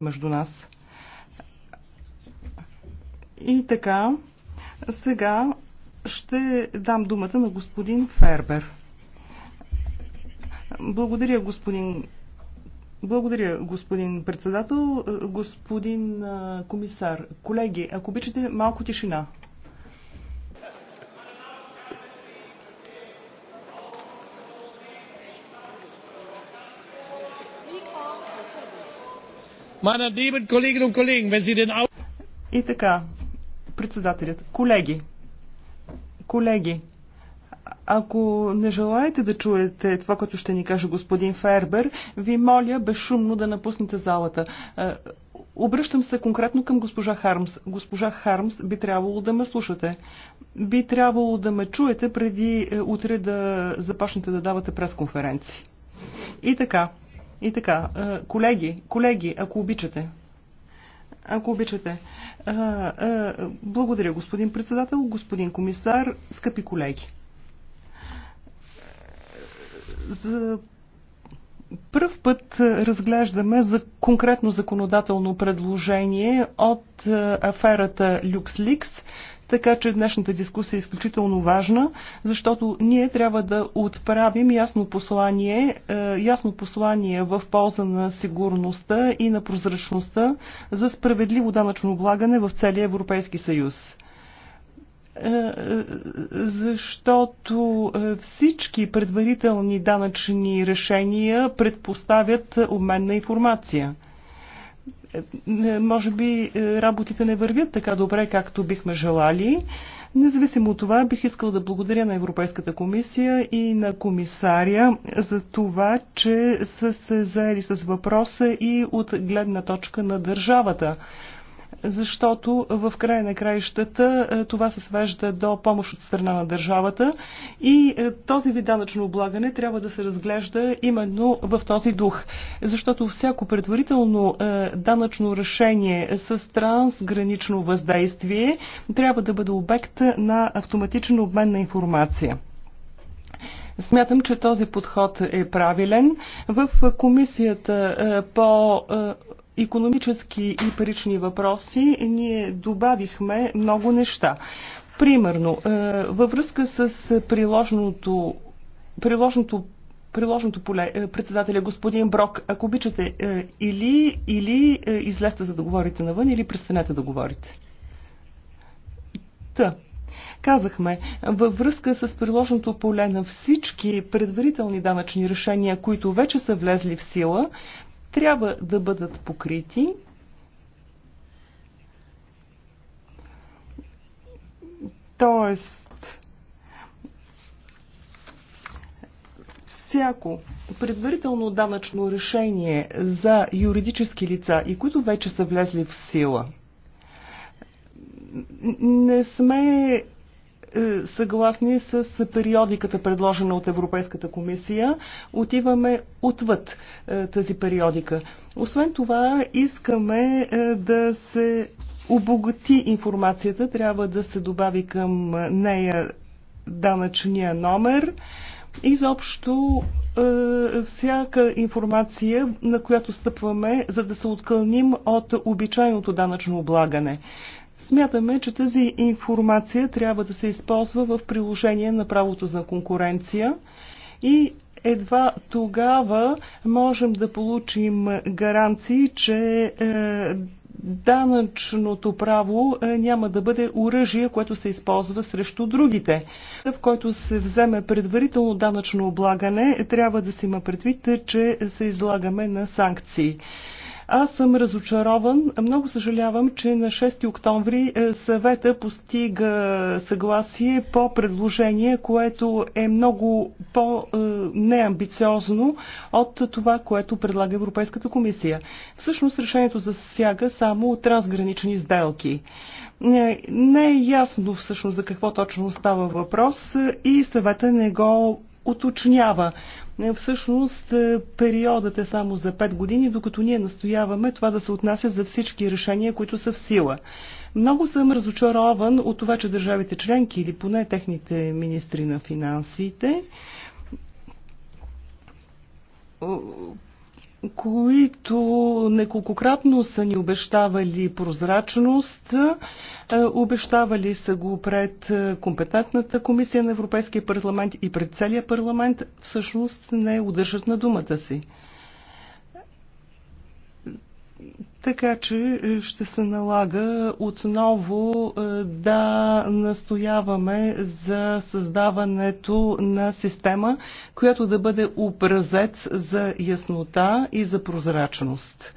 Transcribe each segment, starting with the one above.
между нас. И така, сега ще дам думата на господин Фербер. Благодаря, господин. Благодаря, господин председател, господин комисар. Колеги, ако обичате, малко тишина. И така, председателят, колеги, колеги, ако не желаете да чуете това, което ще ни каже господин Фербер, ви моля безшумно да напуснете залата. Е, обръщам се конкретно към госпожа Хармс. Госпожа Хармс, би трябвало да ме слушате. Би трябвало да ме чуете преди е, утре да започнете да давате пресконференции. И така, и така, колеги, колеги, ако обичате. Ако обичате. Благодаря, господин председател, господин комисар, скъпи колеги. За първ път разглеждаме за конкретно законодателно предложение от аферата LuxLeaks, така че днешната дискусия е изключително важна, защото ние трябва да отправим ясно послание, е, ясно послание в полза на сигурността и на прозрачността за справедливо данъчно облагане в целия Европейски съюз е, е, защото всички предварителни данъчни решения предпоставят обмен на информация. Е, може би е, работите не вървят така добре, както бихме желали. Независимо от това, бих искал да благодаря на Европейската комисия и на комисаря за това, че са се заели с въпроса и от гледна точка на държавата защото в края на краищата е, това се свежда до помощ от страна на държавата и е, този вид данъчно облагане трябва да се разглежда именно в този дух. Защото всяко предварително е, данъчно решение с трансгранично въздействие трябва да бъде обект на автоматичен обмен на информация. Смятам, че този подход е правилен. В комисията по економически и парични въпроси ние добавихме много неща. Примерно, е, във връзка с приложното, приложното приложното поле, е, председателя господин Брок, ако обичате, е, или, или излезте за да говорите навън, или престанете да говорите. Та. Казахме, във връзка с приложното поле на всички предварителни данъчни решения, които вече са влезли в сила, трябва да бъдат покрити. Тоест, всяко предварително данъчно решение за юридически лица и които вече са влезли в сила, не сме е, съгласни с периодиката, предложена от Европейската комисия. Отиваме отвъд е, тази периодика. Освен това, искаме е, да се обогати информацията, трябва да се добави към нея данъчния номер. Изобщо всяка информация, на която стъпваме, за да се откълним от обичайното данъчно облагане. Смятаме, че тази информация трябва да се използва в приложение на правото за конкуренция и едва тогава можем да получим гаранции, че е, данъчното право е, няма да бъде оръжие, което се използва срещу другите. В който се вземе предварително данъчно облагане, трябва да си има предвид, че се излагаме на санкции. Аз съм разочарован. Много съжалявам, че на 6 октомври е, съвета постига съгласие по предложение, което е много по-неамбициозно е, от това, което предлага Европейската комисия. Всъщност решението засяга само трансгранични сделки. Не, не е ясно всъщност за какво точно става въпрос е, и съвета не го уточнява. Е, всъщност е, периодът е само за 5 години, докато ние настояваме това да се отнася за всички решения, които са в сила. Много съм разочарован от това, че държавите членки или поне техните министри на финансите които неколкократно са ни обещавали прозрачност, е, обещавали са го пред е, компетентната комисия на Европейския парламент и пред целия парламент. Всъщност не удържат на думата си. Така че е, ще се налага отново да настояваме за създаването на система, която да бъде образец за яснота и за прозрачност,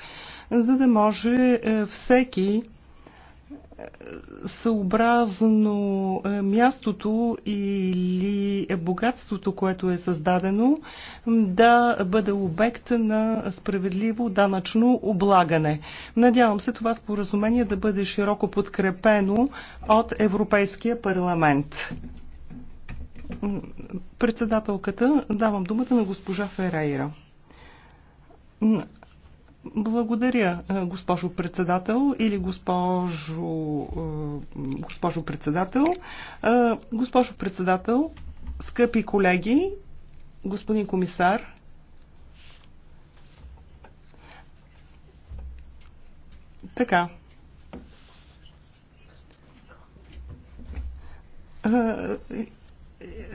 за да може всеки съобразно е, мястото или богатството, което е създадено, да бъде обект на справедливо данъчно облагане. Надявам се това споразумение да бъде широко подкрепено от Европейския парламент. Председателката, давам думата на госпожа Ферейра. Благодаря, госпожо председател или госпожо, госпожо председател. Госпожо председател, скъпи колеги, господин комисар, така.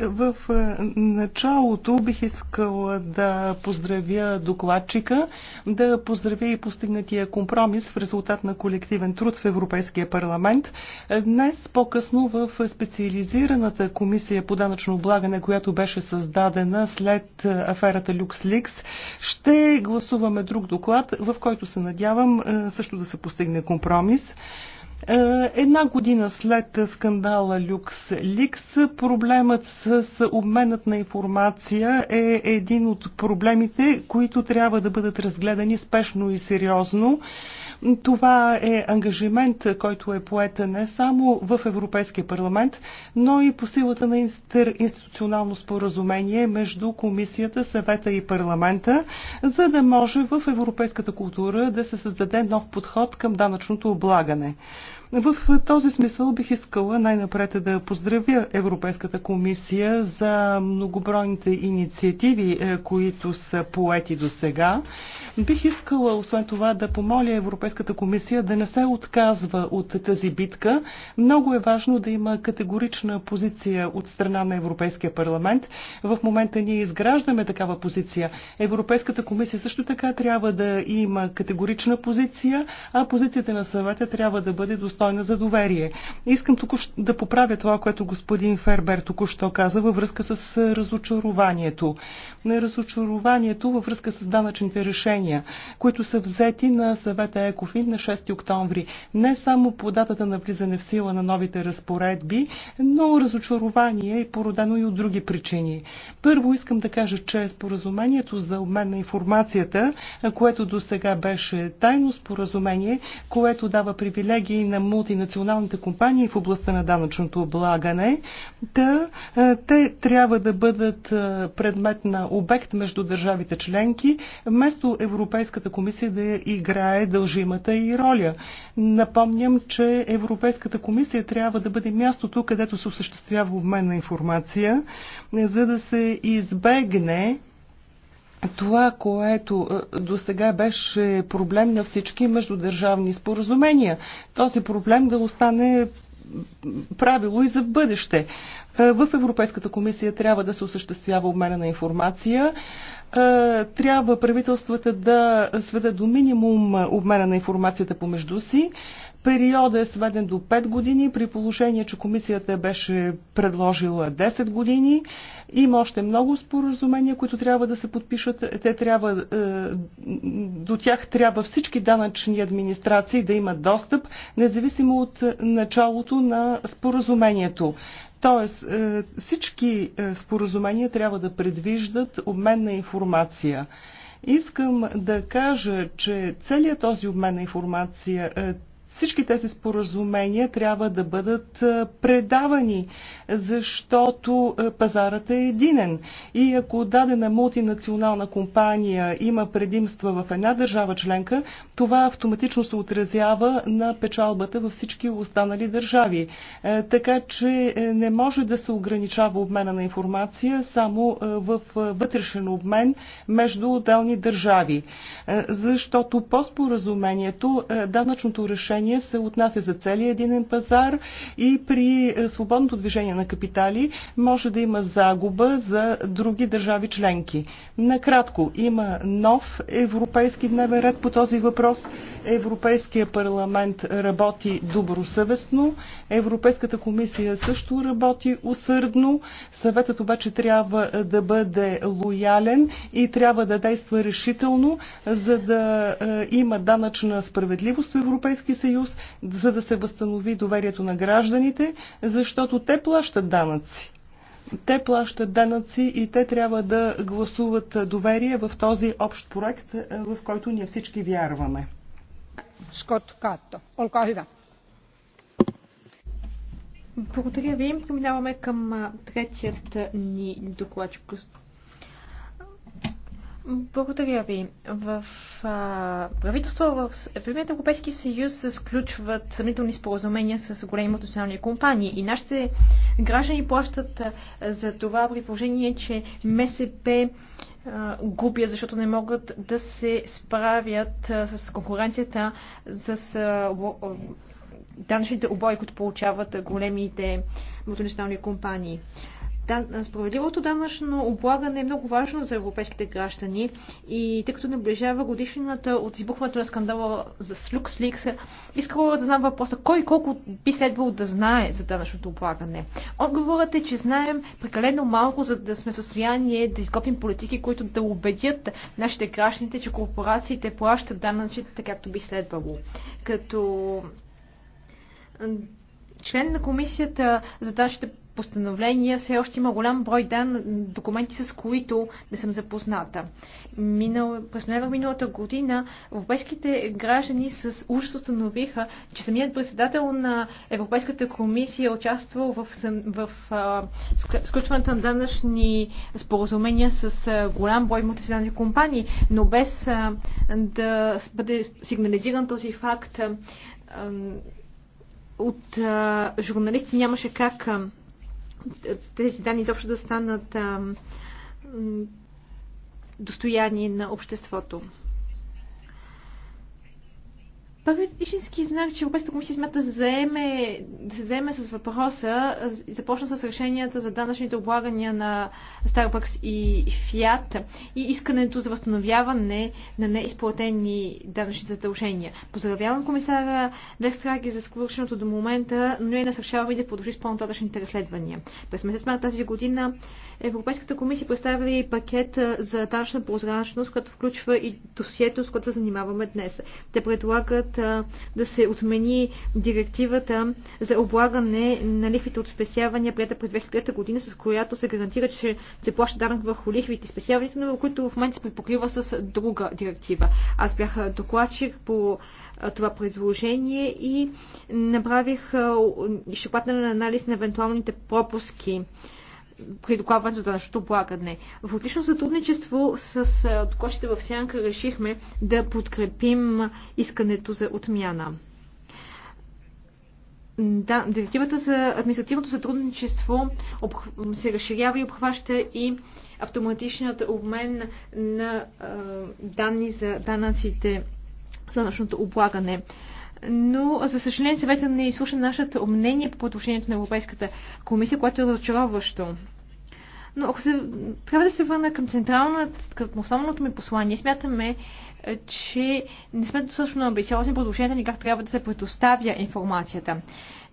В е, началото бих искала да поздравя докладчика, да поздравя и постигнатия компромис в резултат на колективен труд в Европейския парламент. Днес по-късно в специализираната комисия по данъчно облагане, която беше създадена след аферата LuxLeaks, ще гласуваме друг доклад, в който се надявам е, също да се постигне компромис. Е, една година след скандала Люкс Ликс, проблемът с обменът на информация е един от проблемите, които трябва да бъдат разгледани спешно и сериозно. Това е ангажимент, който е поет не само в Европейския парламент, но и по силата на институционално споразумение между Комисията, съвета и парламента, за да може в европейската култура да се създаде нов подход към данъчното облагане. В този смисъл бих искала най-напред да поздравя Европейската комисия за многобройните инициативи, е, които са поети до сега. Бих искала, освен това, да помоля Европейската комисия да не се отказва от тази битка. Много е важно да има категорична позиция от страна на Европейския парламент. В момента ние изграждаме такава позиция. Европейската комисия също така трябва да има категорична позиция, а позицията на съвета трябва да бъде достойна за доверие. Искам тук да поправя това, което господин Фербер току-що каза във връзка с разочарованието. разочарованието във връзка с данъчните решения решения, които са взети на съвета ЕКОФИН на 6 октомври. Не само по датата на влизане в сила на новите разпоредби, но разочарование и е породено и от други причини. Първо искам да кажа, че споразумението за обмен на информацията, което до сега беше тайно споразумение, което дава привилегии на мултинационалните компании в областта на данъчното облагане, да, е, те трябва да бъдат е, предмет на обект между държавите членки, вместо Европейската комисия да играе дължимата и роля. Напомням, че Европейската комисия трябва да бъде мястото, където се осъществява обмен на информация, за да се избегне това, което е, до сега беше проблем на всички междудържавни споразумения. Този проблем да остане правило и за бъдеще. Е, в Европейската комисия трябва да се осъществява обмена на информация. Е, трябва правителствата да сведат до минимум обмена на информацията помежду си. Периода е сведен до 5 години, при положение, че комисията беше предложила 10 години. Има още много споразумения, които трябва да се подпишат. Те трябва, е, до тях трябва всички данъчни администрации да имат достъп, независимо от началото на споразумението. Тоест, е, всички е, споразумения трябва да предвиждат обмен на информация. Искам да кажа, че целият този обмен на информация е, всички тези споразумения трябва да бъдат предавани, защото пазарът е единен. И ако дадена мултинационална компания има предимства в една държава членка, това автоматично се отразява на печалбата във всички останали държави. Така че не може да се ограничава обмена на информация само в вътрешен обмен между отделни държави. Защото по споразумението данъчното решение изисквания се отнася за целия единен пазар и при е, свободното движение на капитали може да има загуба за други държави членки. Накратко, има нов европейски дневен ред по този въпрос. Европейския парламент работи добросъвестно, Европейската комисия също работи усърдно, съветът обаче трябва да бъде лоялен и трябва да действа решително, за да е, има данъчна справедливост в Европейския съюз съюз, за да се възстанови доверието на гражданите, защото те плащат данъци. Те плащат данъци и те трябва да гласуват доверие в този общ проект, е, в който ние всички вярваме. Скот Като, Благодаря ви. Преминаваме към третият ни докладчик, благодаря ви. В а, правителство в Европейския Европейски съюз сключват съмнителни споразумения с големи национални компании и нашите граждани плащат а, за това при положение, че МСП а, губят, защото не могат да се справят а, с конкуренцията с а, данъчните обои, които получават големите мултинационални компании. Да, Справедливото данъчно облагане е много важно за европейските граждани и тъй като наближава годишнината от избухването на скандала за Люксликс, искала да знам въпроса кой и колко би следвало да знае за данъчното облагане. Отговорът е, че знаем прекалено малко, за да сме в състояние да изготвим политики, които да убедят нашите гражданите, че корпорациите плащат данъчите както би следвало. Като член на комисията за данъчните постановления, все още има голям брой дан, документи, с които не съм запозната. Минал, през ноември миналата година европейските граждани с ужас установиха, че самият председател на Европейската комисия е участвал в, в, в сключването на данъчни споразумения с голям брой мултинационални компании, но без да бъде сигнализиран този факт от журналисти нямаше как тези данни изобщо да станат достояние на обществото. Първият е истински знак, че Европейската комисия смята да, заеме, да се заеме с въпроса, започна с решенията за данъчните облагания на Starbucks и Fiat и искането за възстановяване на неизплатени данъчни задължения. Поздравявам комисара Верстраги за сключеното до момента, но и насърчавам и да продължи с по-нататъчните разследвания. През месец март тази година Европейската комисия представи пакет за данъчна прозрачност, която включва и досието, с което се занимаваме днес. Те предлагат да се отмени директивата за облагане на лихвите от спесявания, прията през 2003 година, с която се гарантира, че се плаща данък върху лихвите и спесяването, но които в момента се припокрива с друга директива. Аз бях докладчик по това предложение и направих изчерпателен анализ на евентуалните пропуски при докладването за нашето облагане. В отлично сътрудничество с докладчите в Сянка решихме да подкрепим искането за отмяна. Да, директивата за административното сътрудничество се разширява и обхваща и автоматичният обмен на данни за данъците за данъчното облагане но за съжаление съвета не изслуша нашето мнение по отношението на Европейската комисия, което е разочароващо. Но ако се, трябва да се върна към централната, към основното ми послание, смятаме, е, че не сме достатъчно амбициозни отношението ни как трябва да се предоставя информацията.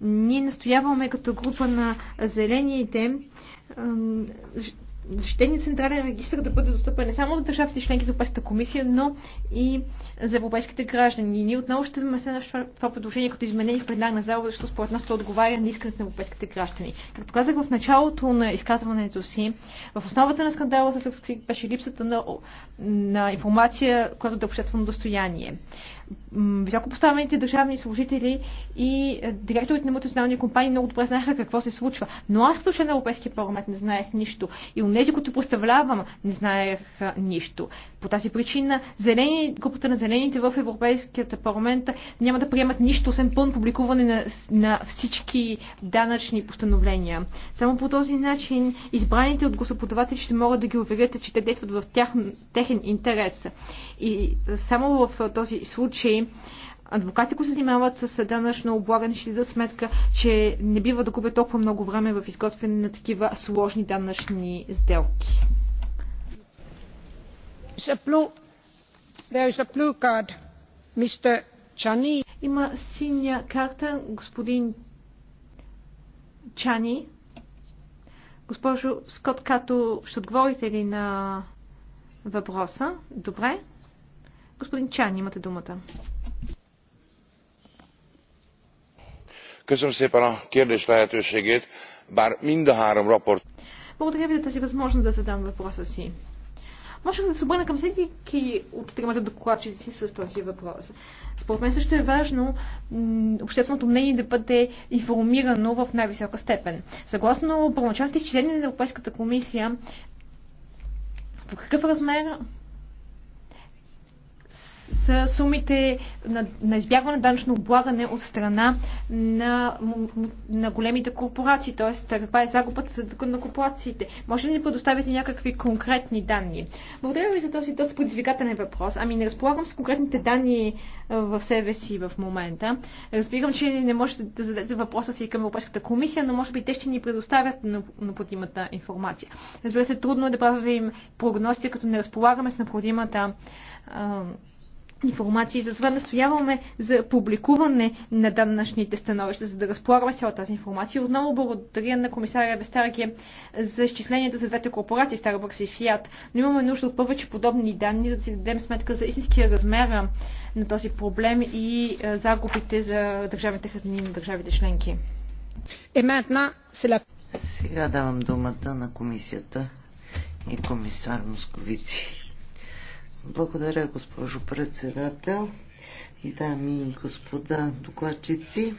Ние настояваме като група на зелените защитения централен регистр да бъде достъпен не само за държавите членки за Европейската комисия, но и за европейските граждани. И ние отново ще се на това предложение като изменение в пленарна зала, защото според нас то отговаря на искането на европейските граждани. Както казах в началото на изказването си, в основата на скандала с беше липсата на, на информация, която да е обществено достояние високопоставените държавни служители и е, директорите на мултинационални компании много добре знаеха какво се случва. Но аз като член на Европейския парламент не знаех нищо. И от тези, които представлявам, не знаех нищо. По тази причина зелени, групата на зелените в Европейския парламент няма да приемат нищо, освен пълно публикуване на, на всички данъчни постановления. Само по този начин избраните от гласоподаватели ще могат да ги уверят, че те действат в тях, техен интерес. И е, само в е, този случай че адвокати, които се занимават с данъчно облагане, ще дадат сметка, че не бива да губят толкова много време в изготвяне на такива сложни данъчни сделки. Има синя карта, господин Чани. Госпожо Скот Като, ще отговорите ли на въпроса? Добре. Господин Чан, имате думата. Köszönöm szépen a kérdés lehetőségét, bár mind a három raport... Благодаря ви за тази възможност да задам въпроса си. Можех да се обърна към всеки от тримата докладчици с този въпрос. Според мен също е важно общественото мнение да бъде информирано в най-висока степен. Съгласно първоначалните изчисления на Европейската комисия, в какъв размер са сумите на, на избягване на данъчно облагане от страна на, на големите корпорации, т.е. каква е загубата на корпорациите. Може ли да ни предоставите някакви конкретни данни? Благодаря ви за този доста предизвикателен въпрос. Ами не разполагам с конкретните данни е, в себе си в момента. Разбирам, че не можете да зададете въпроса си към Европейската комисия, но може би те ще ни предоставят необходимата информация. Разбира се, трудно е да правим прогнози, като не разполагаме с необходимата е, Информация. И Затова настояваме за публикуване на данъчните становища, за да разполагаме цяла тази информация. Отново благодаря на комисаря Вестарге за изчисленията за двете корпорации, Starbucks и Fiat. Но имаме нужда от повече подобни данни, за да си дадем сметка за истинския размер на този проблем и е, загубите за държавните хазни на държавите членки. Сега давам думата на комисията и комисар Московици. Благодаря, госпожо председател. Дами и господа докладчици,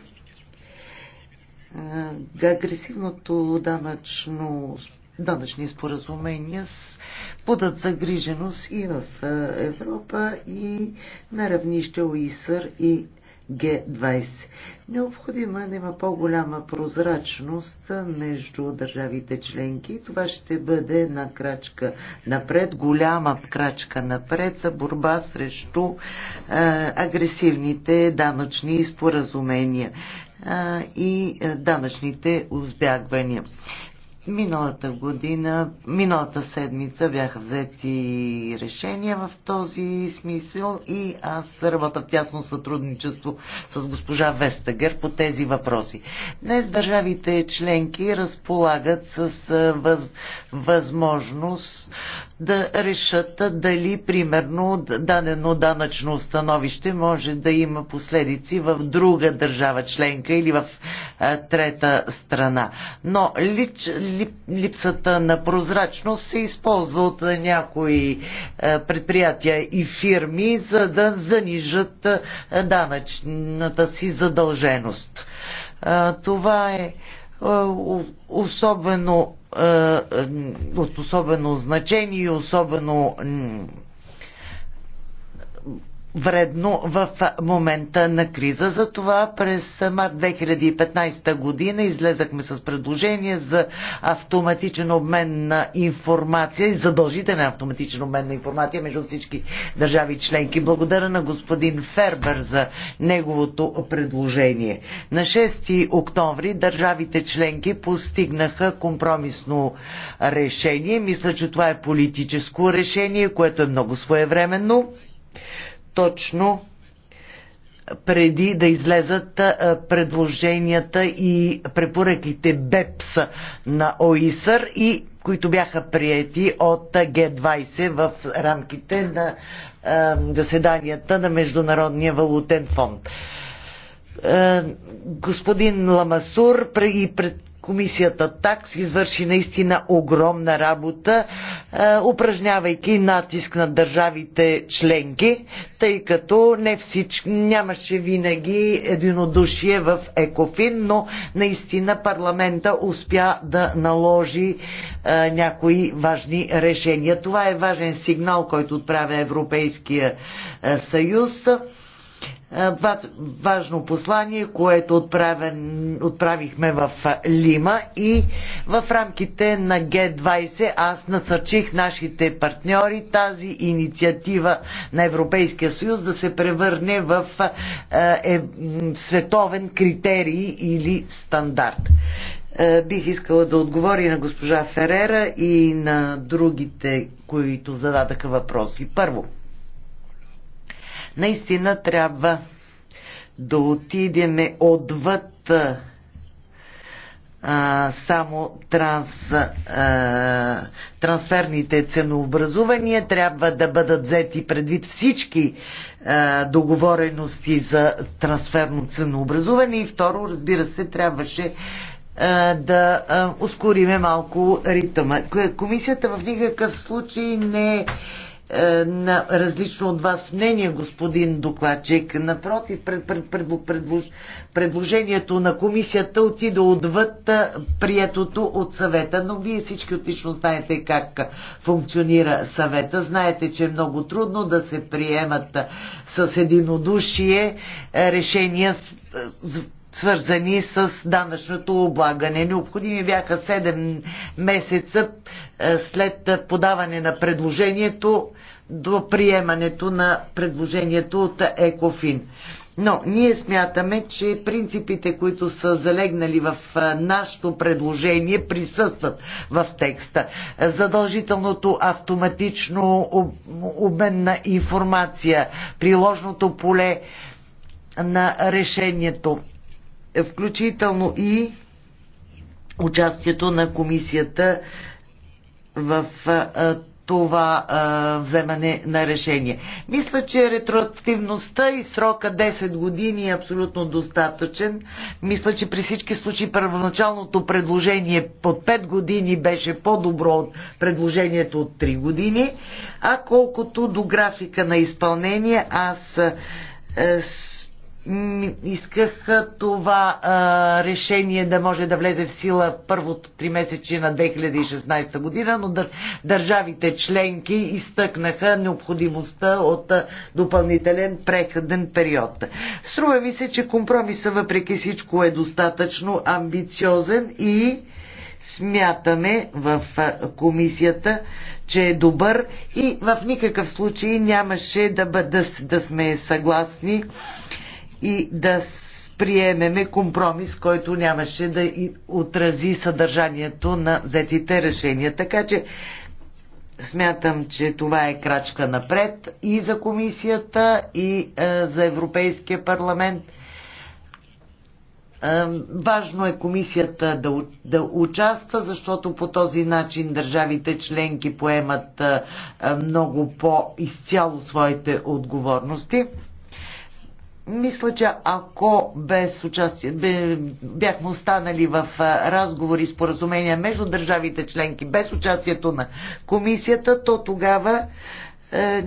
агресивното данъчно, данъчни споразумения подат загриженост и в Европа, и на равнище ОИСР и Г20. Необходима е да има по-голяма прозрачност между държавите членки. Това ще бъде една крачка напред, голяма крачка напред за борба срещу е, агресивните данъчни споразумения е, и е, данъчните узбягвания. Миналата година, миналата седмица бяха взети решения в този смисъл и аз работя в тясно сътрудничество с госпожа Вестагер по тези въпроси. Днес държавите членки разполагат с въз, възможност да решат дали, примерно, дадено данъчно установище може да има последици в друга държава членка или в а, трета страна. Но лич, липсата на прозрачност се използва от някои е, предприятия и фирми, за да занижат е, данъчната си задълженост. Е, това е особено от особено значение и особено вредно в момента на криза. Затова през март 2015 година излезахме с предложение за автоматичен обмен на информация и задължителен автоматичен обмен на информация между всички държави членки. Благодаря на господин Фербер за неговото предложение. На 6 октомври държавите членки постигнаха компромисно решение. Мисля, че това е политическо решение, което е много своевременно точно преди да излезат предложенията и препоръките БЕПС на ОИСър и които бяха приети от Г20 в рамките на заседанията на Международния валутен фонд. господин Ламасур и пред комисията ТАКС извърши наистина огромна работа, е, упражнявайки натиск на държавите членки, тъй като не всички, нямаше винаги единодушие в ЕКОФИН, но наистина парламента успя да наложи е, някои важни решения. Това е важен сигнал, който отправя Европейския е, съюз. Е, важно послание, което отправен, отправихме в е, Лима и в рамките на Г20 аз насърчих нашите партньори тази инициатива на Европейския съюз да се превърне в е, е, световен критерий или стандарт. Е, бих искала да отговори на госпожа Ферера и на другите, които зададаха въпроси. Първо, Наистина трябва да отидеме отвъд а, само транс, а, трансферните ценообразувания. Трябва да бъдат взети предвид всички а, договорености за трансферно ценообразуване. И второ, разбира се, трябваше да ускориме малко ритъма. Комисията в никакъв случай не е. Е, на различно от вас мнение, господин докладчик. Напротив, пред, пред, пред, пред, предложението на комисията отиде отвъд е, приетото от съвета, но вие всички отлично знаете как функционира съвета. Знаете, че е много трудно да се приемат с единодушие е, решения с, свързани с данъчното облагане. Необходими бяха 7 месеца е, след подаване на предложението до приемането на предложението от ЕКОФИН. Но ние смятаме, че принципите, които са залегнали в е, нашето предложение, присъстват в текста. Задължителното автоматично обмен на информация, приложното поле на решението включително и участието на комисията в това а, вземане на решение. Мисля, че ретроактивността и срока 10 години е абсолютно достатъчен. Мисля, че при всички случаи първоначалното предложение под 5 години беше по-добро от предложението от 3 години. А колкото до графика на изпълнение, аз е, исках това а, решение да може да влезе в сила първото три месече на 2016 година, но дър, държавите членки изтъкнаха необходимостта от а, допълнителен преходен период. Струва ми се, че компромиса въпреки всичко е достатъчно амбициозен и смятаме в комисията, че е добър и в никакъв случай нямаше да, бъд, да, да сме съгласни и да приемеме компромис, който нямаше да отрази съдържанието на взетите решения. Така че смятам, че това е крачка напред и за комисията, и е, за Европейския парламент. Е, важно е комисията да, да участва, защото по този начин държавите членки поемат е, много по-изцяло своите отговорности. Мисля, че ако без участие, бяхме останали в разговори и споразумения между държавите членки, без участието на комисията, то тогава е,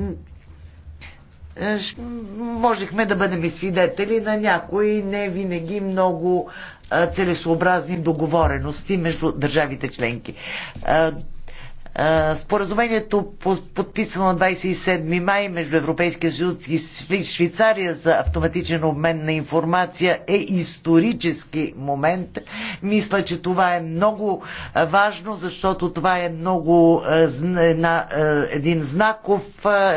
е, можехме да бъдем и свидетели на някои не винаги много целесообразни договорености между държавите членки. Е, споразумението, подписано на 27 май между Европейския съюз и Швейцария за автоматичен обмен на информация, е исторически момент. Мисля, че това е много е, важно, защото това е много е, една, един знаков,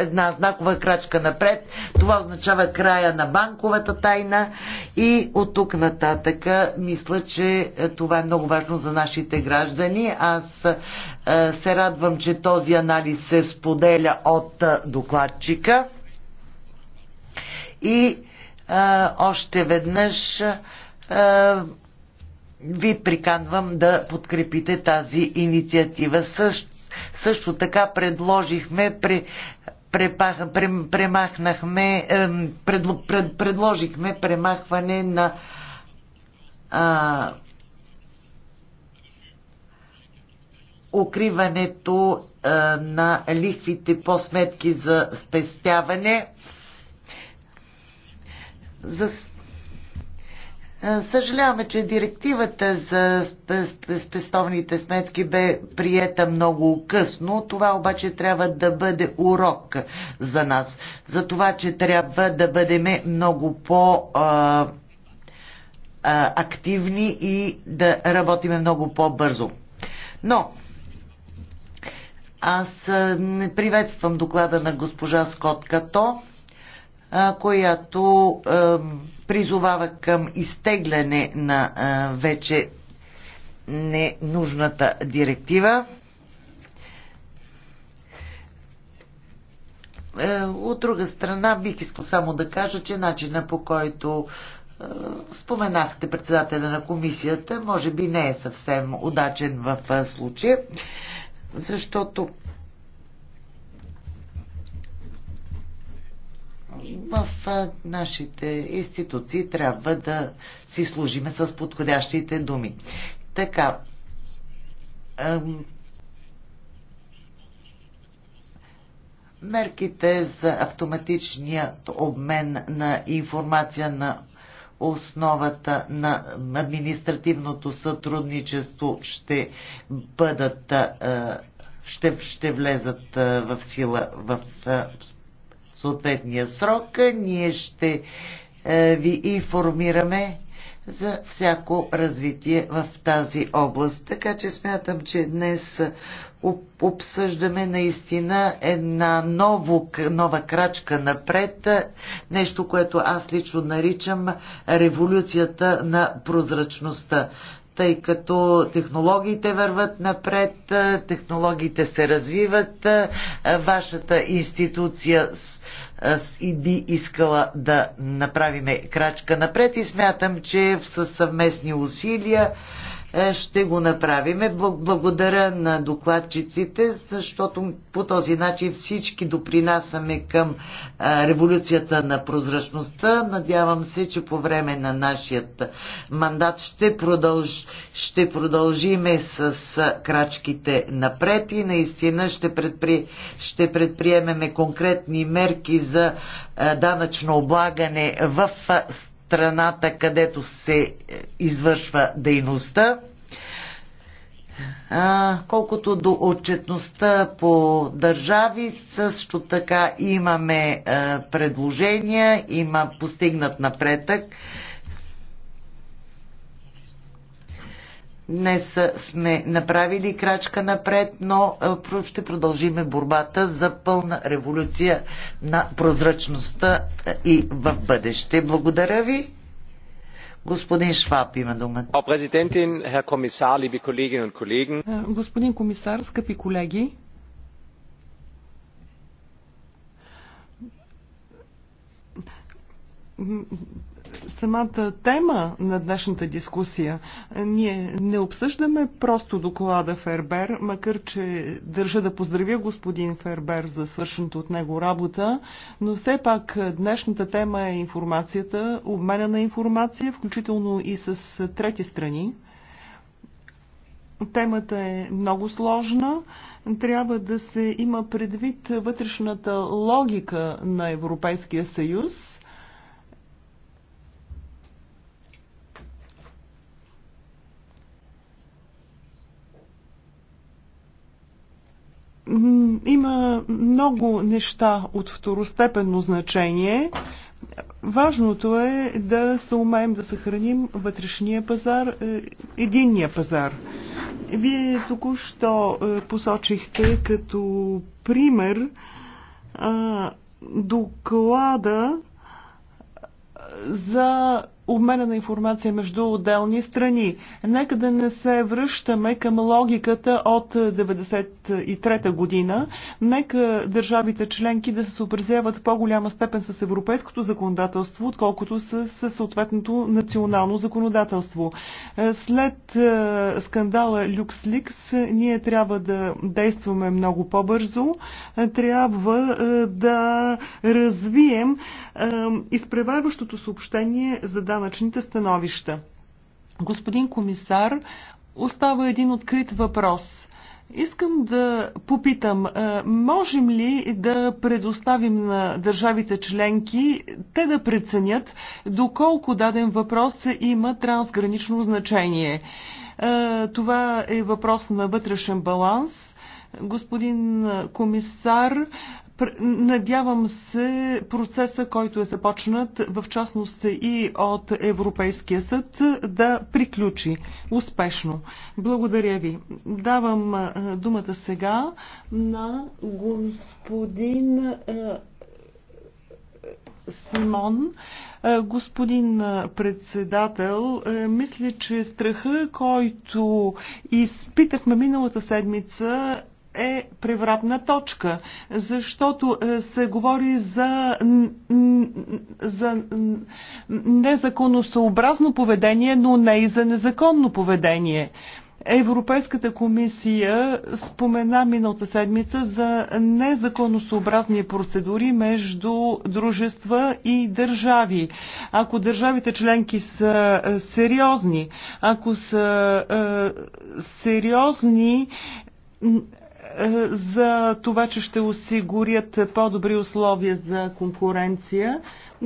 една знакова крачка напред. Това означава края на банковата тайна и от тук нататък мисля, че това е много важно за нашите граждани. Аз се радвам радвам, че този анализ се споделя от докладчика. И а, още веднъж а, ви приканвам да подкрепите тази инициатива. Също, също така предложихме при Препаха, прем, премахнахме, пред, пред, предложихме премахване на а, укриването на лихвите по сметки за спестяване. За... Съжаляваме, че директивата за спестовните сметки бе приета много късно. Това обаче трябва да бъде урок за нас. За това, че трябва да бъдем много по- активни и да работиме много по-бързо. Но аз не приветствам доклада на госпожа Скот Като, която призовава към изтегляне на вече ненужната директива. От друга страна, бих искал само да кажа, че начина по който споменахте председателя на комисията, може би не е съвсем удачен в случая защото в нашите институции трябва да си служиме с подходящите думи. Така, мерките за автоматичният обмен на информация на основата на административното сътрудничество ще бъдат ще, ще влезат в сила в съответния срок. Ние ще ви информираме за всяко развитие в тази област. Така че смятам, че днес обсъждаме наистина една ново, нова крачка напред, нещо, което аз лично наричам революцията на прозрачността тъй като технологиите върват напред, технологиите се развиват, вашата институция и би искала да направиме крачка напред и смятам, че с съвместни усилия е, ще го направиме. Благодаря на докладчиците, защото по този начин всички допринасяме към революцията на прозрачността. Надявам се, че по време на нашия мандат ще, продълж, ще продължиме с крачките напред и наистина ще, предпри, ще предприемеме конкретни мерки за данъчно облагане в страната страната, където се е, извършва дейността. А, колкото до отчетността по държави, също така имаме а, е, предложения, има постигнат напредък. Днес сме направили крачка напред, но е, ще продължиме борбата за пълна революция на прозрачността е, и в бъдеще. Благодаря ви. Господин Шваб има думата. Е, господин комисар, скъпи колеги, самата тема на днешната дискусия. Ние не обсъждаме просто доклада Фербер, макар че държа да поздравя господин Фербер за свършената от него работа, но все пак днешната тема е информацията, обмена на информация, включително и с трети страни. Темата е много сложна. Трябва да се има предвид вътрешната логика на Европейския съюз Има много неща от второстепенно значение. Важното е да се умеем да съхраним вътрешния пазар, е, единния пазар. Вие току-що е, посочихте като пример доклада за обмена на информация между отделни страни. Нека да не се връщаме към логиката от 1993 година. Нека държавите членки да се съобразяват в по-голяма степен с европейското законодателство, отколкото с, с съответното национално законодателство. Е, след е, скандала LuxLeaks ние трябва да действаме много по-бързо. Е, трябва да развием изпреварващото съобщение за данни данъчните становища. Господин комисар, остава един открит въпрос. Искам да попитам, е, можем ли да предоставим на държавите членки те да преценят доколко даден въпрос има трансгранично значение? Е, това е въпрос на вътрешен баланс господин комисар, Надявам се процеса, който е започнат в частност и от Европейския съд да приключи успешно. Благодаря ви. Давам думата сега на господин Симон. Господин председател, мисля, че страха, който изпитахме миналата седмица е превратна точка, защото е, се говори за, за незаконосъобразно поведение, но не и за незаконно поведение. Европейската комисия спомена миналата седмица за незаконосообразни процедури между дружества и държави. Ако държавите членки са е, сериозни, ако са е, сериозни, за това, че ще осигурят по-добри условия за конкуренция,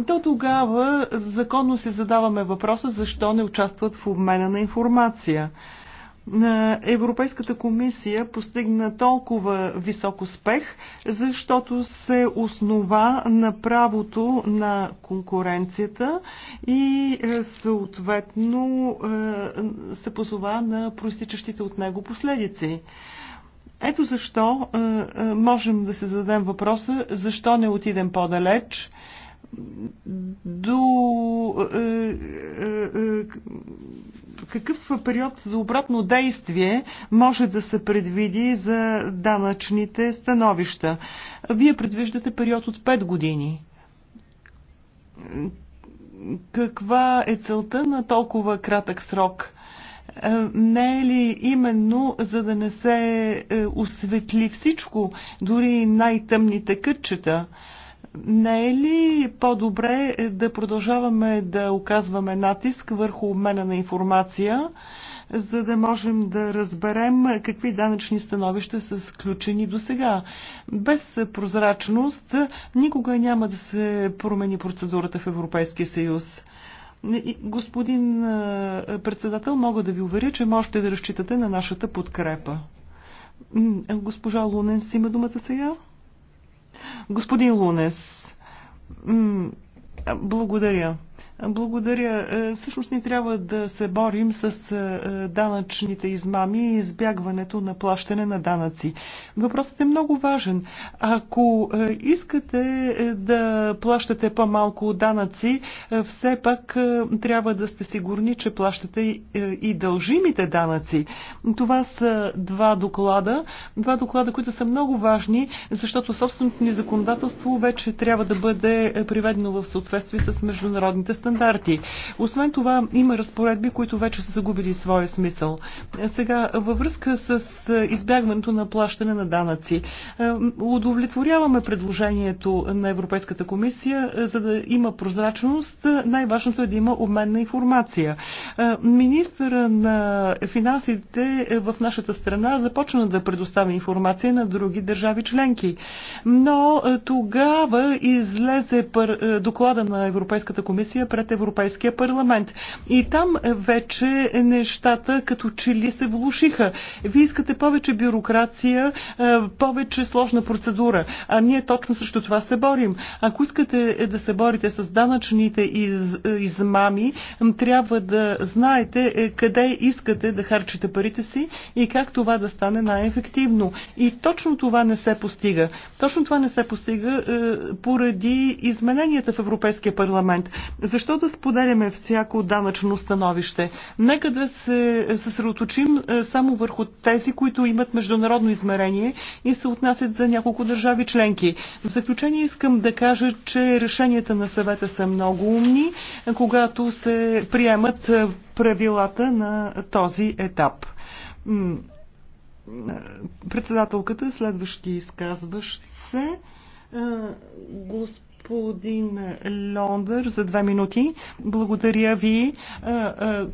то тогава законно си задаваме въпроса защо не участват в обмена на информация. Европейската комисия постигна толкова висок успех, защото се основа на правото на конкуренцията и е, съответно е, се позова на проистичащите от него последици. Ето защо е, е, можем да се зададем въпроса, защо не отидем по-далеч до е, какъв период за обратно действие може да се предвиди за данъчните становища. Вие предвиждате период от 5 години. Каква е целта на толкова кратък срок? Е, не е ли именно за да не се е, осветли всичко, дори най-тъмните кътчета? Не е ли по-добре е, да продължаваме да оказваме натиск върху обмена на информация, за да можем да разберем какви данъчни становища са сключени до сега? Без прозрачност никога няма да се промени процедурата в Европейския съюз. Господин председател, мога да ви уверя, че можете да разчитате на нашата подкрепа. Госпожа Лунес има думата сега. Господин Лунес, благодаря. Благодаря. Е, всъщност ни трябва да се борим с е, данъчните измами и избягването на плащане на данъци. Въпросът е много важен. Ако е, искате да плащате по-малко данъци, все пак трябва да сте сигурни, че плащате и дължимите данъци. Това са два доклада. Два доклада, които са много важни, защото собственото ни законодателство вече трябва да бъде приведено в съответствие с международните стандарти стандарти. Освен това, има разпоредби, които вече са загубили своя смисъл. Сега, във връзка с избягването на плащане на данъци, удовлетворяваме предложението на Европейската комисия, за да има прозрачност. Най-важното е да има обмен на информация. Министъра на финансите в нашата страна започна да предоставя информация на други държави членки. Но тогава излезе доклада на Европейската комисия пред Европейския парламент. И там вече нещата като че ли се влушиха. Вие искате повече бюрокрация, е, повече сложна процедура. А ние точно срещу това се борим. Ако искате да се борите с данъчните из, измами, трябва да знаете е, къде искате да харчите парите си и как това да стане най-ефективно. И точно това не се постига. Точно това не се постига е, поради измененията в Европейския парламент. Защо защо да споделяме всяко данъчно становище? Нека да се съсредоточим е, само върху тези, които имат международно измерение и се отнасят за няколко държави членки. В заключение искам да кажа, че решенията на съвета са много умни, когато се приемат е, правилата на този етап. Е, председателката, следващи изказващ се, госпожа господин Лондър за две минути. Благодаря ви. Е, е,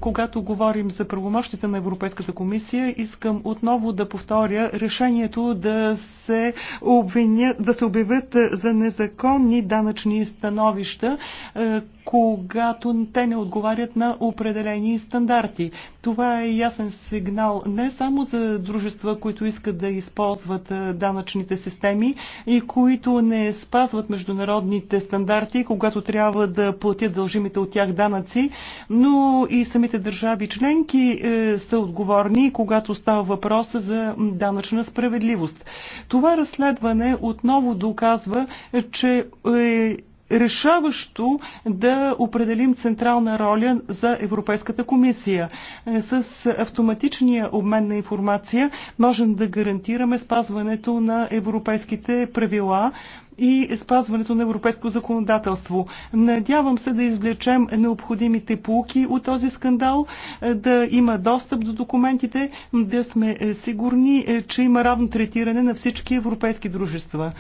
когато говорим за правомощите на Европейската комисия, искам отново да повторя решението да се, обвинят, да се обявят за незаконни данъчни становища, е, когато те не отговарят на определени стандарти. Това е ясен сигнал не само за дружества, които искат да използват данъчните системи и които не спазват международни техните стандарти, когато трябва да платят дължимите от тях данъци, но и самите държави членки е, са отговорни, когато става въпрос за данъчна справедливост. Това разследване отново доказва, че е решаващо да определим централна роля за Европейската комисия. Е, с автоматичния обмен на информация можем да гарантираме спазването на европейските правила, и спазването на европейско законодателство. Надявам се да извлечем необходимите полуки от този скандал, е, да има достъп до документите, да сме е, сигурни, е, че има равно третиране на всички европейски дружества.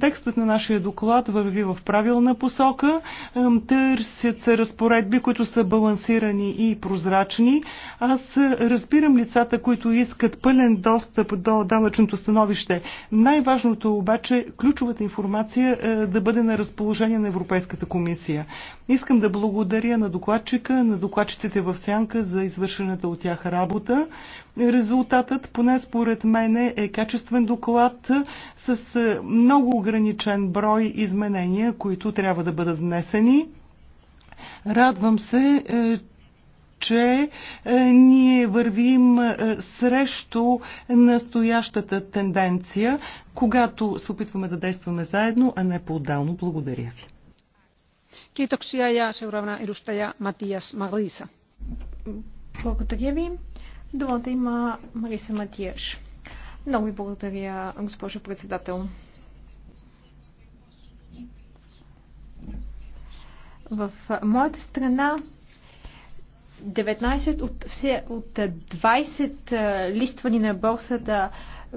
Текстът на нашия доклад върви в правилна посока. Търсят се разпоредби, които са балансирани и прозрачни. Аз разбирам лицата, които искат пълен достъп до данъчното становище. Най-важното обаче, ключовата информация е, да бъде на разположение на Европейската комисия. Искам да благодаря на докладчика, на докладчиците в Сянка за извършената от тях работа. Резултатът, поне според мен, е качествен доклад с е, много ограничен брой изменения, които трябва да бъдат внесени. Радвам се, е, че е, ние вървим е, срещу настоящата тенденция, когато се опитваме да действаме заедно, а не по-отдално. Благодаря ви. Благодаря ви. Думата има Мариса Матиаш. Много ви благодаря, госпожо председател. В моята страна 19 от, все, от 20 листвани на борсата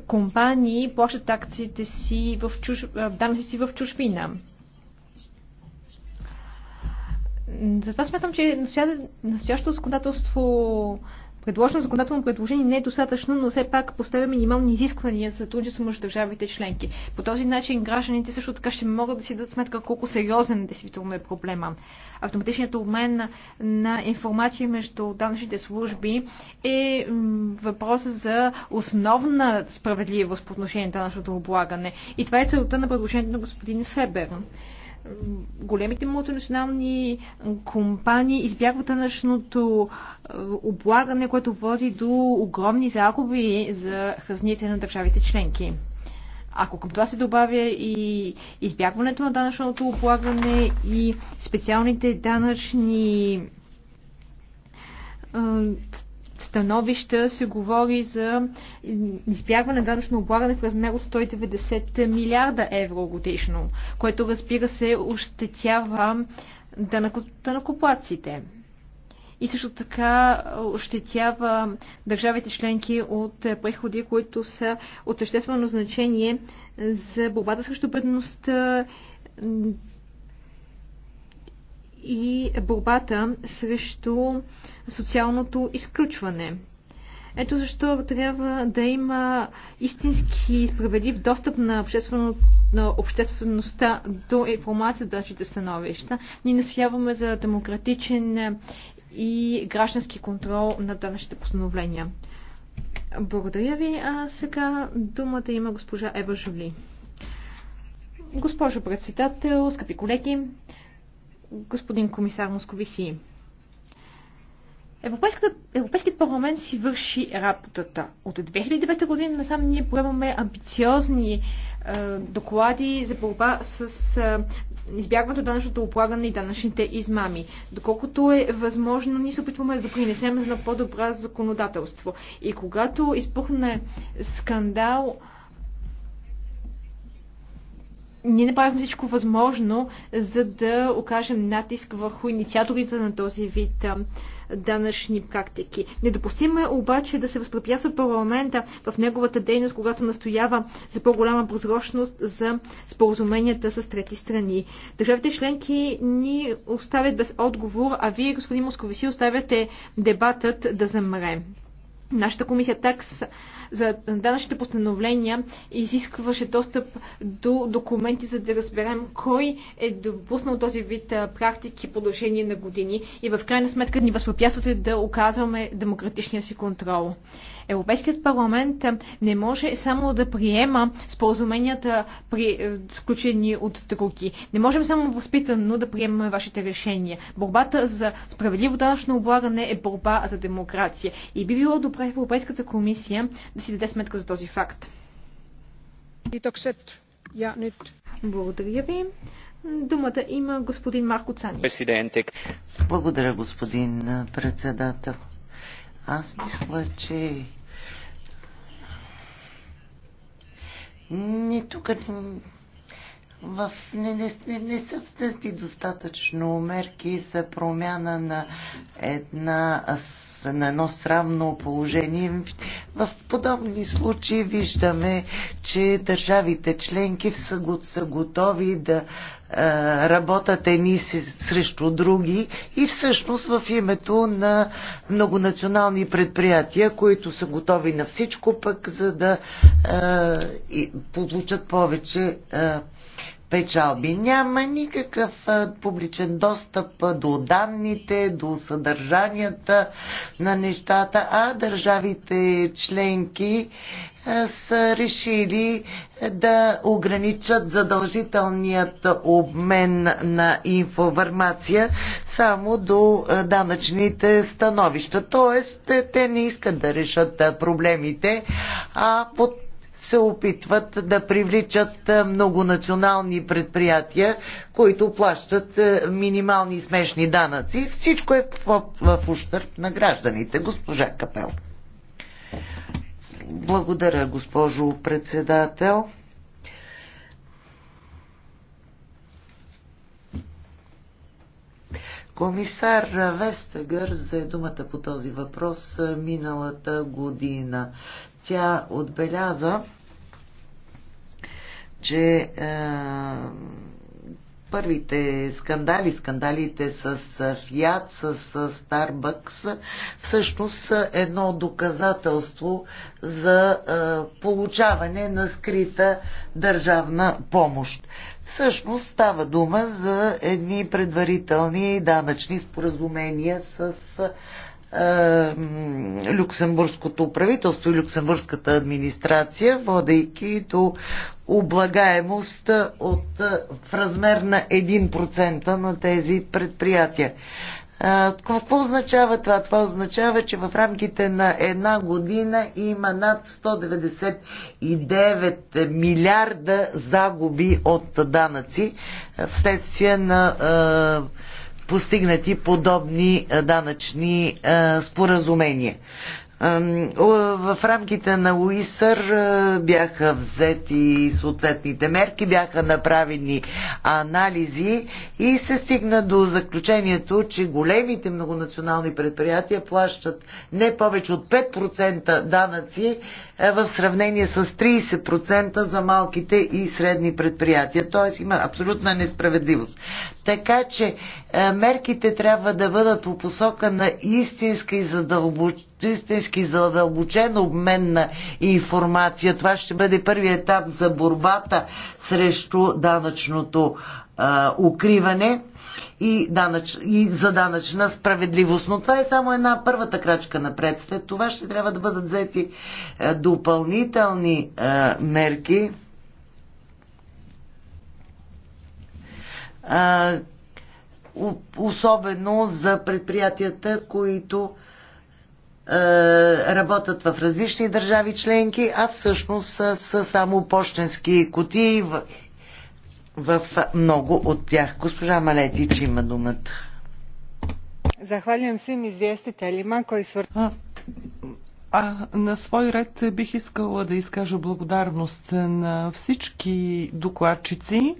компании плащат акциите си в чуж... си в чужбина. Затова смятам, че настоящото законодателство предложено законодателно предложение не е достатъчно, но все пак поставя минимални изисквания за сътрудничество между държавите членки. По този начин гражданите също така ще могат да си дадат сметка колко сериозен действително е проблема. Автоматичният обмен на, на информация между данъчните служби е въпрос за основна справедливост по отношение на данъчното облагане. И това е целта на предложението на господин Фебер големите мултинационални компании избягват данъчното е, облагане, което води до огромни загуби за хазните на държавите членки. Ако към това се добавя и избягването на данъчното облагане и специалните данъчни е, становища се говори за избягване на данъчно облагане в размер от 190 милиарда евро годишно, което разбира се ощетява данъкоплаците. И също така ощетява държавите членки от преходи, които са от съществено значение за борбата срещу бедността, и борбата срещу социалното изключване. Ето защо трябва да има истински справедлив достъп на, обществено, на обществеността до информация за нашите становища. Ние настояваме за демократичен и граждански контрол на данъчните постановления. Благодаря ви. А сега думата има госпожа Ева Жули. Госпожо председател, скъпи колеги, господин комисар Московиси. Европейският парламент си върши работата. От 2009 година насам ние поемаме амбициозни е, доклади за борба с е, избягването данъчното облагане и данъчните измами. Доколкото е възможно, ние се опитваме да принесем за по-добра законодателство. И когато изпухне скандал, е, ние направим всичко възможно, за да окажем натиск върху инициаторите на този вид данъчни практики. Недопустимо е обаче да се възпрепятства парламента в неговата дейност, когато настоява за по-голяма прозрачност за споразуменията с трети страни. Държавите членки ни оставят без отговор, а вие, господин Московиси, оставяте дебатът да замре. Нашата комисия такс за данъчните постановления изискваше достъп до документи, за да разберем кой е допуснал този вид практики в продължение на години и в крайна сметка ни възпрепятствате да оказваме демократичния си контрол. Европейският парламент не може само да приема споразуменията, при, е, сключени от други. Не можем само възпитано да приемаме вашите решения. Борбата за справедливо данъчно облагане е борба за демокрация. И би било добре Европейската комисия да си даде сметка за този факт. Благодаря ви. Думата има господин Марко Цани. Благодаря, господин председател. Аз мисля, че Не, тук в, не, не, не, не са взети достатъчно мерки за промяна на една на едно срамно положение. В подобни случаи виждаме, че държавите членки са, го, са готови да а, е, работят едни си, срещу други и всъщност в името на многонационални предприятия, които са готови на всичко пък, за да а, е, и, получат повече а, е, печалби. Няма никакъв публичен достъп до данните, до съдържанията на нещата, а държавите членки са решили да ограничат задължителният обмен на информация само до данъчните становища. Тоест, те не искат да решат проблемите, а под се опитват да привличат многонационални предприятия, които плащат минимални смешни данъци. Всичко е в, в ущърп на гражданите. Госпожа Капел. Благодаря, госпожо председател. Комисар Вестегър взе думата по този въпрос миналата година. Тя отбеляза, че първите скандали, скандалите с Фиат, с Старбъкс, всъщност са едно доказателство за получаване на скрита държавна помощ. Всъщност става дума за едни предварителни данъчни споразумения с е, люксембургското правителство и люксембургската администрация, водейки до облагаемост от, е, в размер на 1% на тези предприятия. Е, какво означава това? Това означава, че в рамките на една година има над 199 милиарда загуби от данъци вследствие на постигнати подобни данъчни споразумения. В рамките на УИСър бяха взети съответните мерки, бяха направени анализи и се стигна до заключението, че големите многонационални предприятия плащат не повече от 5% данъци в сравнение с 30% за малките и средни предприятия. Тоест има абсолютна несправедливост. Така че е, мерките трябва да бъдат по посока на истински задълбочен истински задълбочен обмен на информация. Това ще бъде първият етап за борбата срещу данъчното а, е, укриване и, данъч, и за данъчна справедливост. Но това е само една първата крачка напред. След това ще трябва да бъдат взети е, допълнителни мерки. особено за предприятията, които работят в различни държави членки, а всъщност са, са само почтенски кутии в, в много от тях. Госпожа Малетич има думата. Захвалям всем известителима, кои свър... А на свой ред бих искала да изкажа благодарност на всички докладчици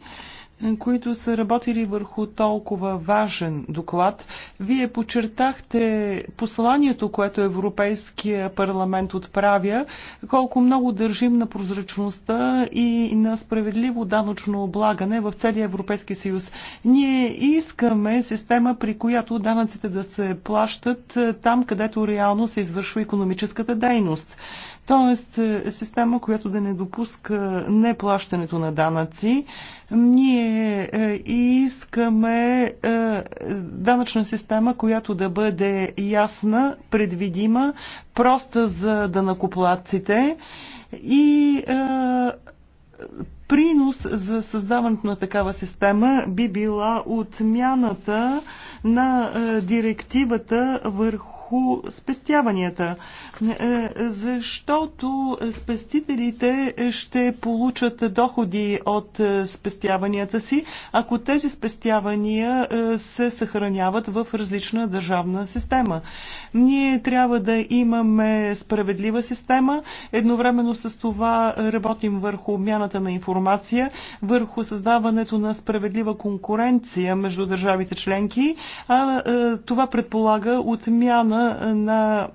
които са работили върху толкова важен доклад. Вие подчертахте посланието, което Европейския парламент отправя, колко много държим на прозрачността и на справедливо данъчно облагане в целия Европейски съюз. Ние искаме система, при която данъците да се плащат е, там, където реално се извършва економическата дейност. Тоест, е, система, която да не допуска неплащането на данъци. Ние е, искаме е, данъчна система, която да бъде ясна, предвидима, проста за данакоплатците и принос за създаването на такава система би била отмяната на директивата върху върху спестяванията, е, е, защото спестителите ще получат доходи от е, спестяванията си, ако тези спестявания се съхраняват в различна държавна система. Ние трябва да имаме справедлива система, едновременно с това работим върху обмяната на информация, върху създаването на справедлива конкуренция между държавите членки, а това предполага отмяна на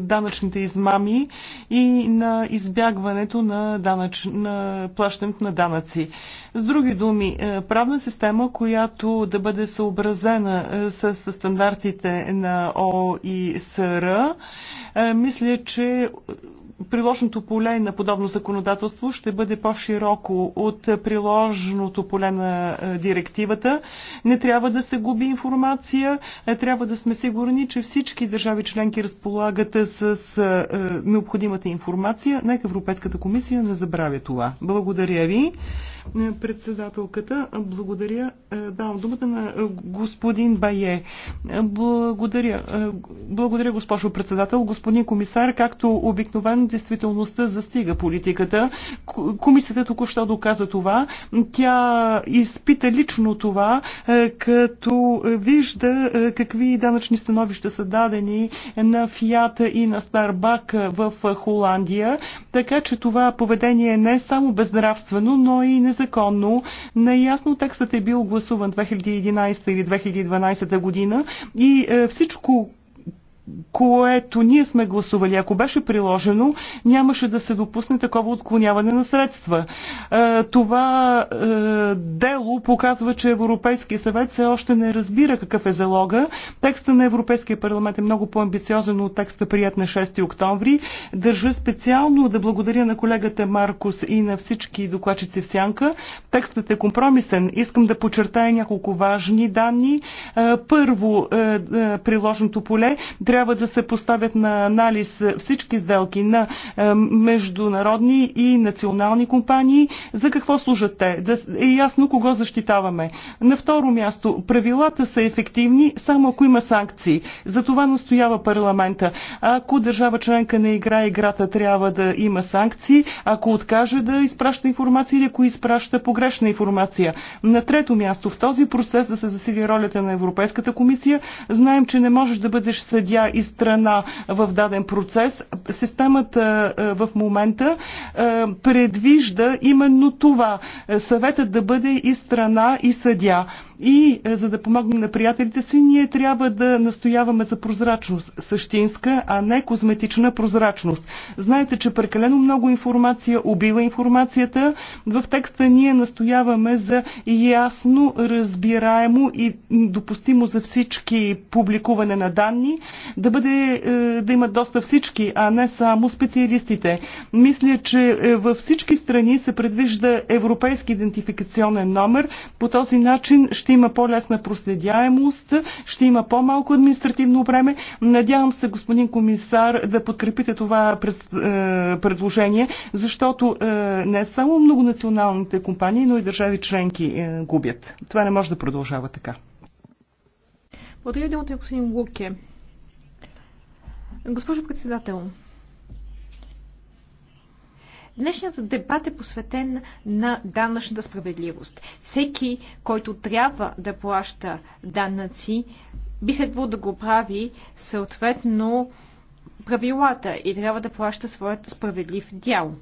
данъчните измами и на избягването на, данъч, на плащането на данъци. С други думи, е, правна система, която да бъде съобразена е, с стандартите на ОИСР, е, мисля, че приложното поле на подобно законодателство ще бъде по-широко от приложното поле на е, директивата. Не трябва да се губи информация. Е, трябва да сме сигурни, че всички държави членки разполагат с е, необходимата информация. Нека Европейската комисия не забравя това. Благодаря ви. Председателката, благодаря. Е, давам думата на е, господин Бае. Е, благодаря. Благодаря, госпожо председател. Господин комисар, както обикновено, действителността застига политиката. Комисията току-що доказа това. Тя изпита лично това, като вижда какви данъчни становища са дадени на Фиат и на Старбак в Холандия. Така че това поведение не е само безнравствено, но и не незаконно. Наясно текстът е бил гласуван 2011 или 2012 година и е, всичко, което ние сме гласували, ако беше приложено, нямаше да се допусне такова отклоняване на средства. Е, това е, дело показва, че Европейския съвет все още не разбира какъв е залога. Текста на Европейския парламент е много по-амбициозен от текста прият на 6 октомври. Държа специално да благодаря на колегата Маркус и на всички докладчици в Сянка. Текстът е компромисен. Искам да подчертая няколко важни данни. Е, първо, приложното поле да трябва да се поставят на анализ всички сделки на е, международни и национални компании. За какво служат те? Да е ясно кого защитаваме. На второ място, правилата са ефективни само ако има санкции. За това настоява парламента. Ако държава членка не играе играта, трябва да има санкции. Ако откаже да изпраща информация или ако изпраща погрешна информация. На трето място, в този процес да се засили ролята на Европейската комисия, знаем, че не можеш да бъдеш съдя и страна в даден процес. Системата е, в момента е, предвижда именно това. Е, съветът да бъде и страна и съдя. И е, за да помогнем на приятелите си, ние трябва да настояваме за прозрачност, същинска, а не козметична прозрачност. Знаете, че прекалено много информация убива информацията. В текста ние настояваме за ясно, разбираемо и допустимо за всички публикуване на данни, да, бъде, е, да имат доста всички, а не само специалистите. Мисля, че е, във всички страни се предвижда европейски идентификационен номер. По този начин ще ще има по-лесна проследяемост, ще има по-малко административно време. Надявам се, господин комисар, да подкрепите това е, предложение, защото е, не само многонационалните компании, но и държави членки е, губят. Това не може да продължава така. Благодаря господин Луке. Госпожо председател, Днешният дебат е посветен на данъчната справедливост. Всеки, който трябва да плаща данъци, би следвало да го прави съответно правилата и трябва да плаща своят справедлив дял.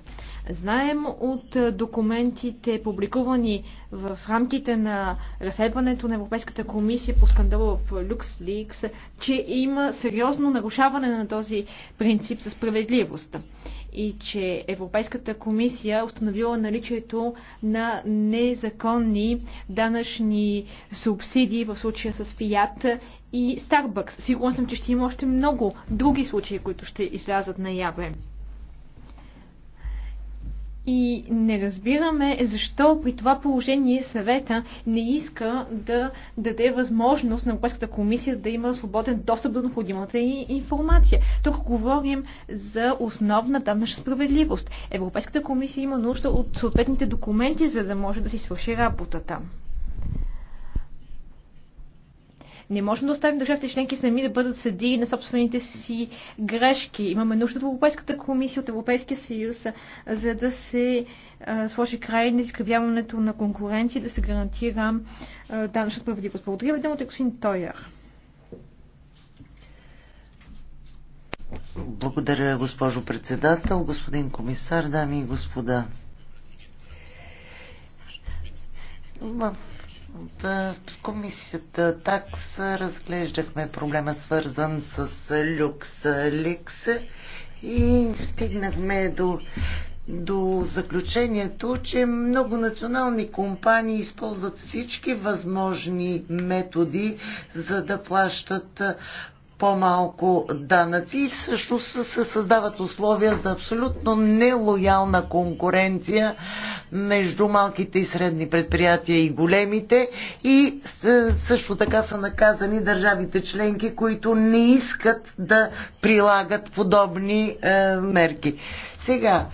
Знаем от документите, публикувани в рамките на разследването на Европейската комисия по скандала в LuxLeaks, че има сериозно нарушаване на този принцип за справедливост и че Европейската комисия установила наличието на незаконни данъчни субсидии в случая с Фият и Старбъкс. Сигурен съм, че ще има още много други случаи, които ще излязат наяве. И не разбираме защо при това положение съвета не иска да даде възможност на Европейската комисия да има свободен достъп до необходимата и информация. Тук говорим за основна данна справедливост. Европейската комисия има нужда от съответните документи, за да може да си свърши работата. Не можем да оставим държавите членки сами да бъдат съдии на собствените си грешки. Имаме нужда от Европейската комисия, от Европейския съюз, за да се а, сложи край на изкривяването на конкуренция, да се гарантира данъчна справедливост. Благодаря ви, думата е господин Тойер. Благодаря, госпожо председател, господин комисар, дами и господа. В комисията такс разглеждахме проблема свързан с люкс ликс и стигнахме до до заключението, че много национални компании използват всички възможни методи, за да плащат по-малко данъци и всъщност се създават условия за абсолютно нелоялна конкуренция между малките и средни предприятия и големите и е, също така са наказани държавите членки, които не искат да прилагат подобни е, мерки. Сега,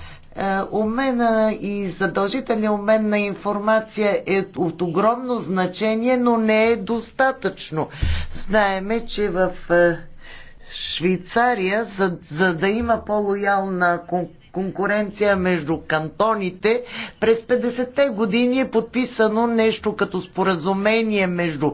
Обмена е, и задължителен обмен на информация е от огромно значение, но не е достатъчно. Знаеме, че в е, Швейцария, за, за да има по-лоялна конкуренция конкуренция между кантоните. През 50-те години е подписано нещо като споразумение между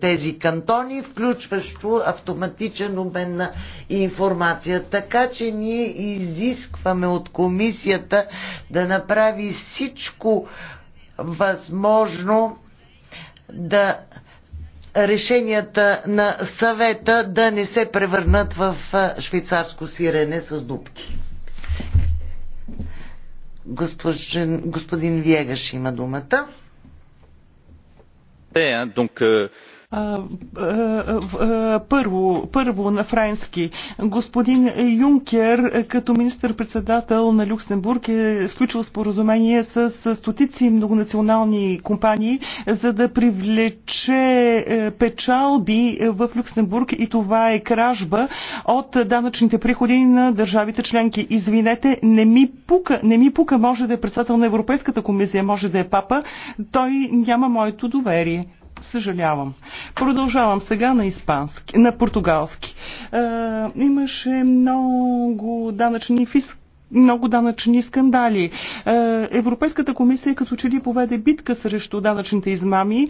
тези кантони, включващо автоматичен обмен на информация. Така че ние изискваме от комисията да направи всичко възможно да решенията на съвета да не се превърнат в швейцарско сирене с дупки. Госпожен, господин Виегаш има думата. Е, е първо, първо на френски. Господин Юнкер, като министър-председател на Люксембург, е сключил споразумение с стотици многонационални компании, за да привлече е, печалби в Люксембург и това е кражба от данъчните приходи на държавите членки. Извинете, не ми пука, не ми пука, може да е председател на Европейската комисия, може да е папа, той няма моето доверие. Съжалявам. Продължавам сега на испански, на португалски. Е, имаше много данъчни фиск много данъчни скандали. Е, Европейската комисия като че ли поведе битка срещу данъчните измами. Е,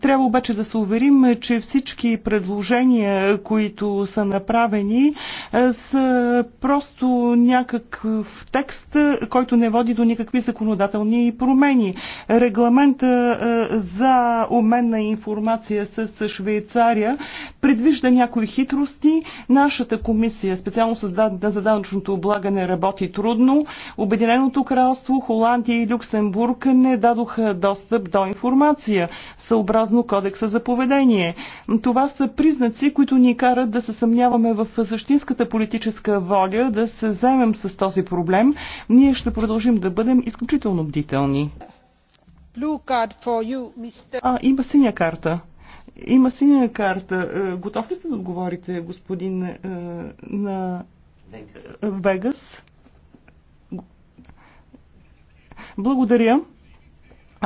трябва обаче да се уверим, че всички предложения, които са направени, е, са просто някакъв текст, който не води до никакви законодателни промени. Регламента за обмен на информация с Швейцария предвижда някои хитрости. Нашата комисия, специално за данъчното облагане, работи работи трудно. Обединеното кралство, Холандия и Люксембург не дадоха достъп до информация, съобразно кодекса за поведение. Това са признаци, които ни карат да се съмняваме в същинската политическа воля да се заемем с този проблем. Ние ще продължим да бъдем изключително бдителни. А, има синя карта. Има синя карта. Е, готов ли сте да отговорите, господин е, на Вегас? Благодаря.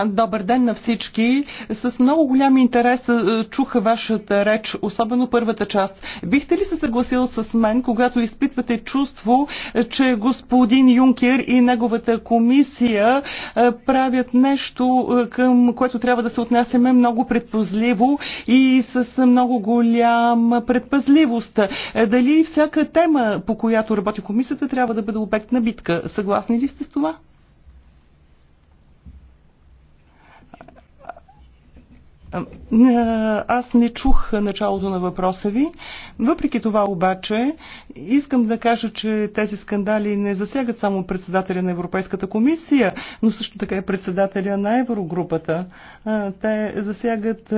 Добър ден на всички. С много голям интерес е, чуха вашата реч, особено първата част. Бихте ли се съгласил с мен, когато изпитвате чувство, че господин Юнкер и неговата комисия е, правят нещо, е, към което трябва да се отнасяме много предпазливо и с много голяма предпазливост? Дали всяка тема, по която работи комисията, трябва да бъде обект на битка? Съгласни ли сте с това? Аз не чух началото на въпроса ви. Въпреки това обаче, искам да кажа, че тези скандали не засягат само председателя на Европейската комисия, но също така и председателя на Еврогрупата. Те засягат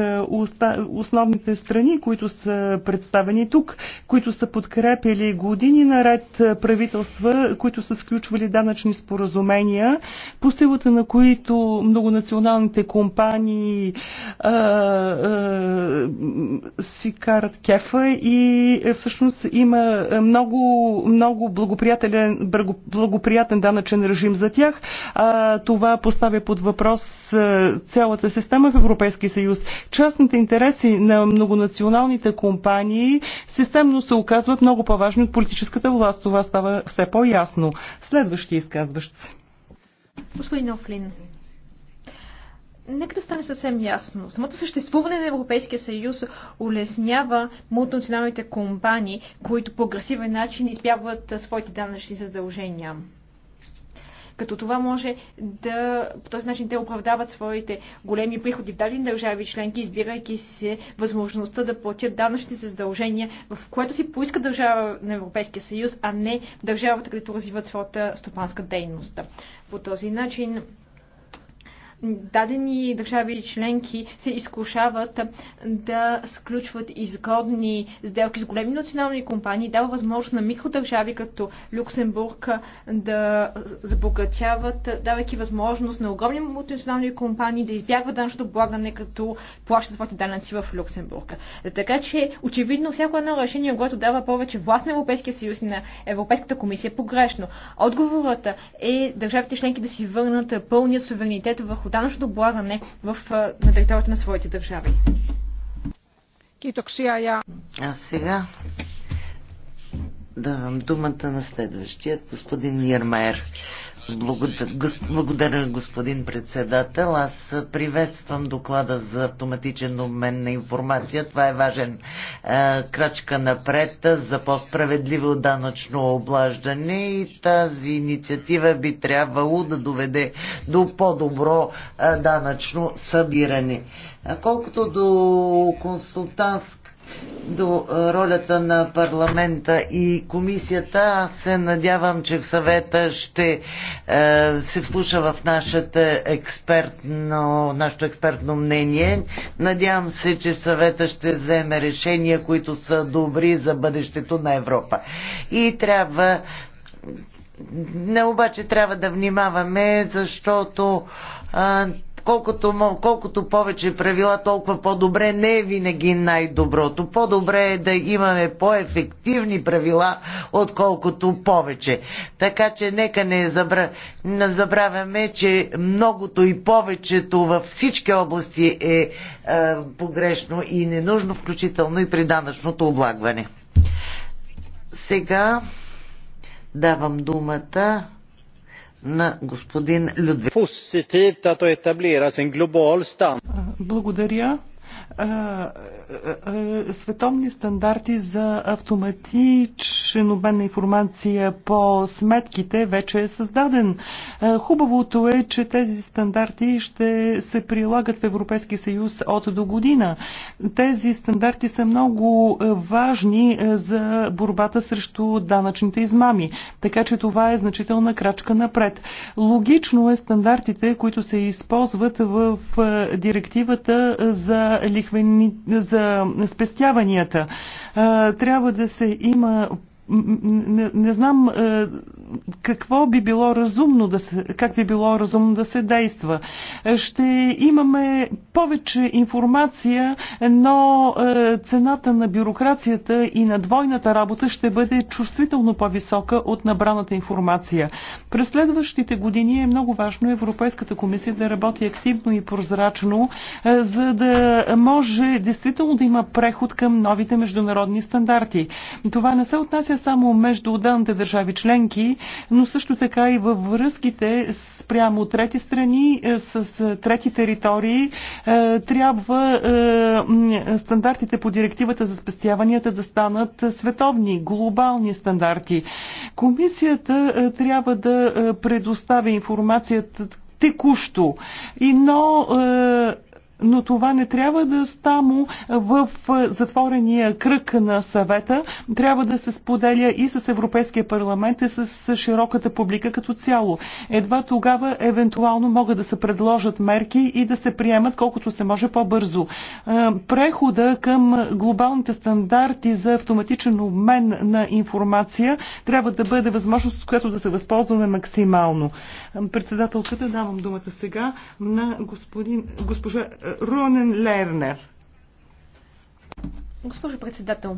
основните страни, които са представени тук, които са подкрепили години наред правителства, които са сключвали данъчни споразумения, по силата на които многонационалните компании е, е, си карат Кефа и е, всъщност има много, много благоприятен, благоприятен данъчен режим за тях. А, това поставя под въпрос цялата система в Европейския съюз. Частните интереси на многонационалните компании системно се оказват много по-важни от политическата власт. Това става все по-ясно. Следващи изказващ се. Господин Офлин, Нека да стане съвсем ясно. Самото съществуване на Европейския съюз улеснява мултинационалните компании, които по агресивен начин избягват своите данъчни задължения като това може да, по този начин те оправдават своите големи приходи в дадени държави членки, избирайки се възможността да платят данъчните задължения, в което си поиска държава на Европейския съюз, а не държавата, където развиват своята стопанска дейност. По този начин дадени държави и членки се изкушават да сключват изгодни сделки с големи национални компании, дава възможност на микродържави като Люксембург да забогатяват, давайки възможност на огромни мултинационални компании да избягват данъчното облагане, като плащат своите данъци в Люксембург. Така че, очевидно, всяко едно решение, което дава повече власт на Европейския съюз и на Европейската комисия, е погрешно. Отговорът е държавите членки да си върнат пълния суверенитет върху върху данъчното облагане в, на територията на своите държави. Китоксия А сега давам думата на следващия господин Нирмайер. Благодаря, господин председател. Аз приветствам доклада за автоматичен обмен на информация. Това е важен е, крачка напред за по-справедливо данъчно облаждане и тази инициатива би трябвало да доведе до по-добро е, данъчно събиране. Колкото до консултантска до е, ролята на парламента и комисията. Аз се надявам, че в съвета ще е, се вслуша в нашето експертно, нашето експертно мнение. Надявам се, че съвета ще вземе решения, които са добри за бъдещето на Европа. И трябва не обаче трябва да внимаваме, защото Колкото, колкото повече правила, толкова по-добре не е винаги най-доброто. По-добре е да имаме по-ефективни правила, отколкото повече. Така че нека не, забра... не забравяме, че многото и повечето във всички области е, е погрешно и ненужно, включително и при данъчното облагване. Сега давам думата на господин Людвиг. Благодаря световни стандарти за автоматичен обмен на информация по сметките вече е създаден. Хубавото е, че тези стандарти ще се прилагат в Европейския съюз от до година. Тези стандарти са много важни за борбата срещу данъчните измами, така че това е значителна крачка напред. Логично е стандартите, които се използват в директивата за лихвите лихвени, за спестяванията. Трябва да се има не, не знам е, какво би било разумно да се, как би било разумно да се действа. Ще имаме повече информация, но е, цената на бюрокрацията и на двойната работа ще бъде чувствително по-висока от набраната информация. През следващите години е много важно Европейската комисия да работи активно и прозрачно, е, за да може действително да има преход към новите международни стандарти. Това не се отнася не само между отделните държави членки, но също така и във връзките с прямо трети страни, е, с е, трети територии. Е, трябва стандартите по директивата за спестяванията да станат световни, глобални стандарти. Комисията трябва да предоставя информацията текущо. И но но това не трябва да стамо в затворения кръг на съвета. Трябва да се споделя и с Европейския парламент и с широката публика като цяло. Едва тогава евентуално могат да се предложат мерки и да се приемат колкото се може по-бързо. Прехода към глобалните стандарти за автоматичен обмен на информация трябва да бъде възможност, от която да се възползваме максимално. Председателката давам думата сега на господин, госпожа Рунен Лернер. Госпожо председател,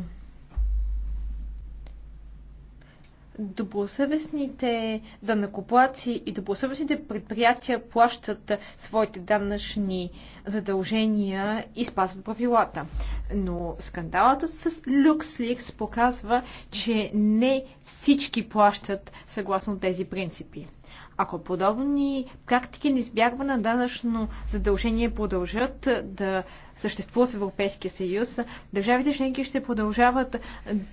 добросъвестните данакоплаци и добросъвестните предприятия плащат своите данъчни задължения и спазват правилата. Но скандалата с LuxLeaks показва, че не всички плащат съгласно тези принципи. Ако подобни практики на избягване на данъчно задължение продължат да съществуват в Европейския съюз, държавите членки ще продължават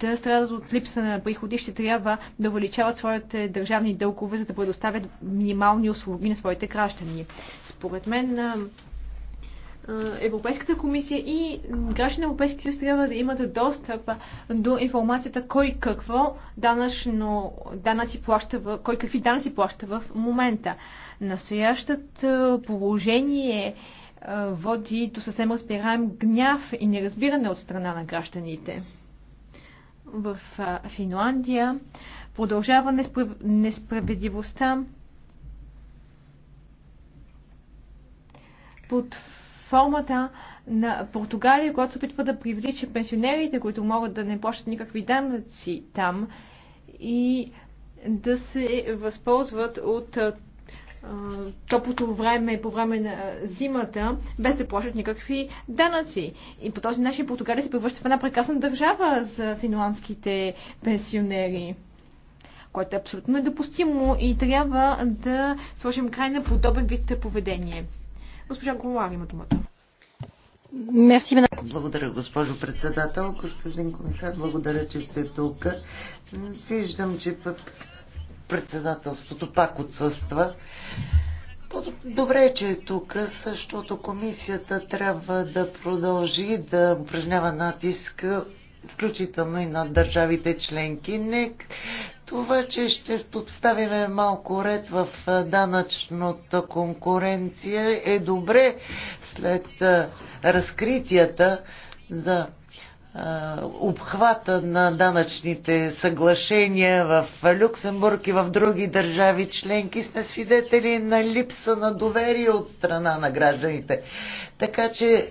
да страдат от липса на приходи, ще трябва да увеличават своите държавни дългове, за да предоставят минимални услуги на своите граждани. Според мен Европейската комисия и граждани на Европейския съюз трябва да имат достъп до информацията кой какво данъчно, данъци плаща, в, кой какви данъци плаща в момента. Настоящото положение води до съвсем разбираем гняв и неразбиране от страна на гражданите. В Финландия продължава несправ... несправедливостта под формата на Португалия, която се опитва да привлича пенсионерите, които могат да не плащат никакви данъци там и да се възползват от топлото време по време на зимата, без да плащат никакви данъци. И по този начин Португалия се превръща в една прекрасна държава за финландските пенсионери което е абсолютно недопустимо и трябва да сложим край на подобен вид поведение. Госпожа Голар има думата. Благодаря, госпожо председател. Господин комисар, благодаря, че сте тук. Виждам, че председателството пак отсъства. Добре, е, че е тук, защото комисията трябва да продължи да упражнява натиск, включително и на държавите членки. Не това, че ще подставим малко ред в данъчната конкуренция е добре след разкритията за обхвата на данъчните съглашения в Люксембург и в други държави членки сме свидетели на липса на доверие от страна на гражданите. Така че е,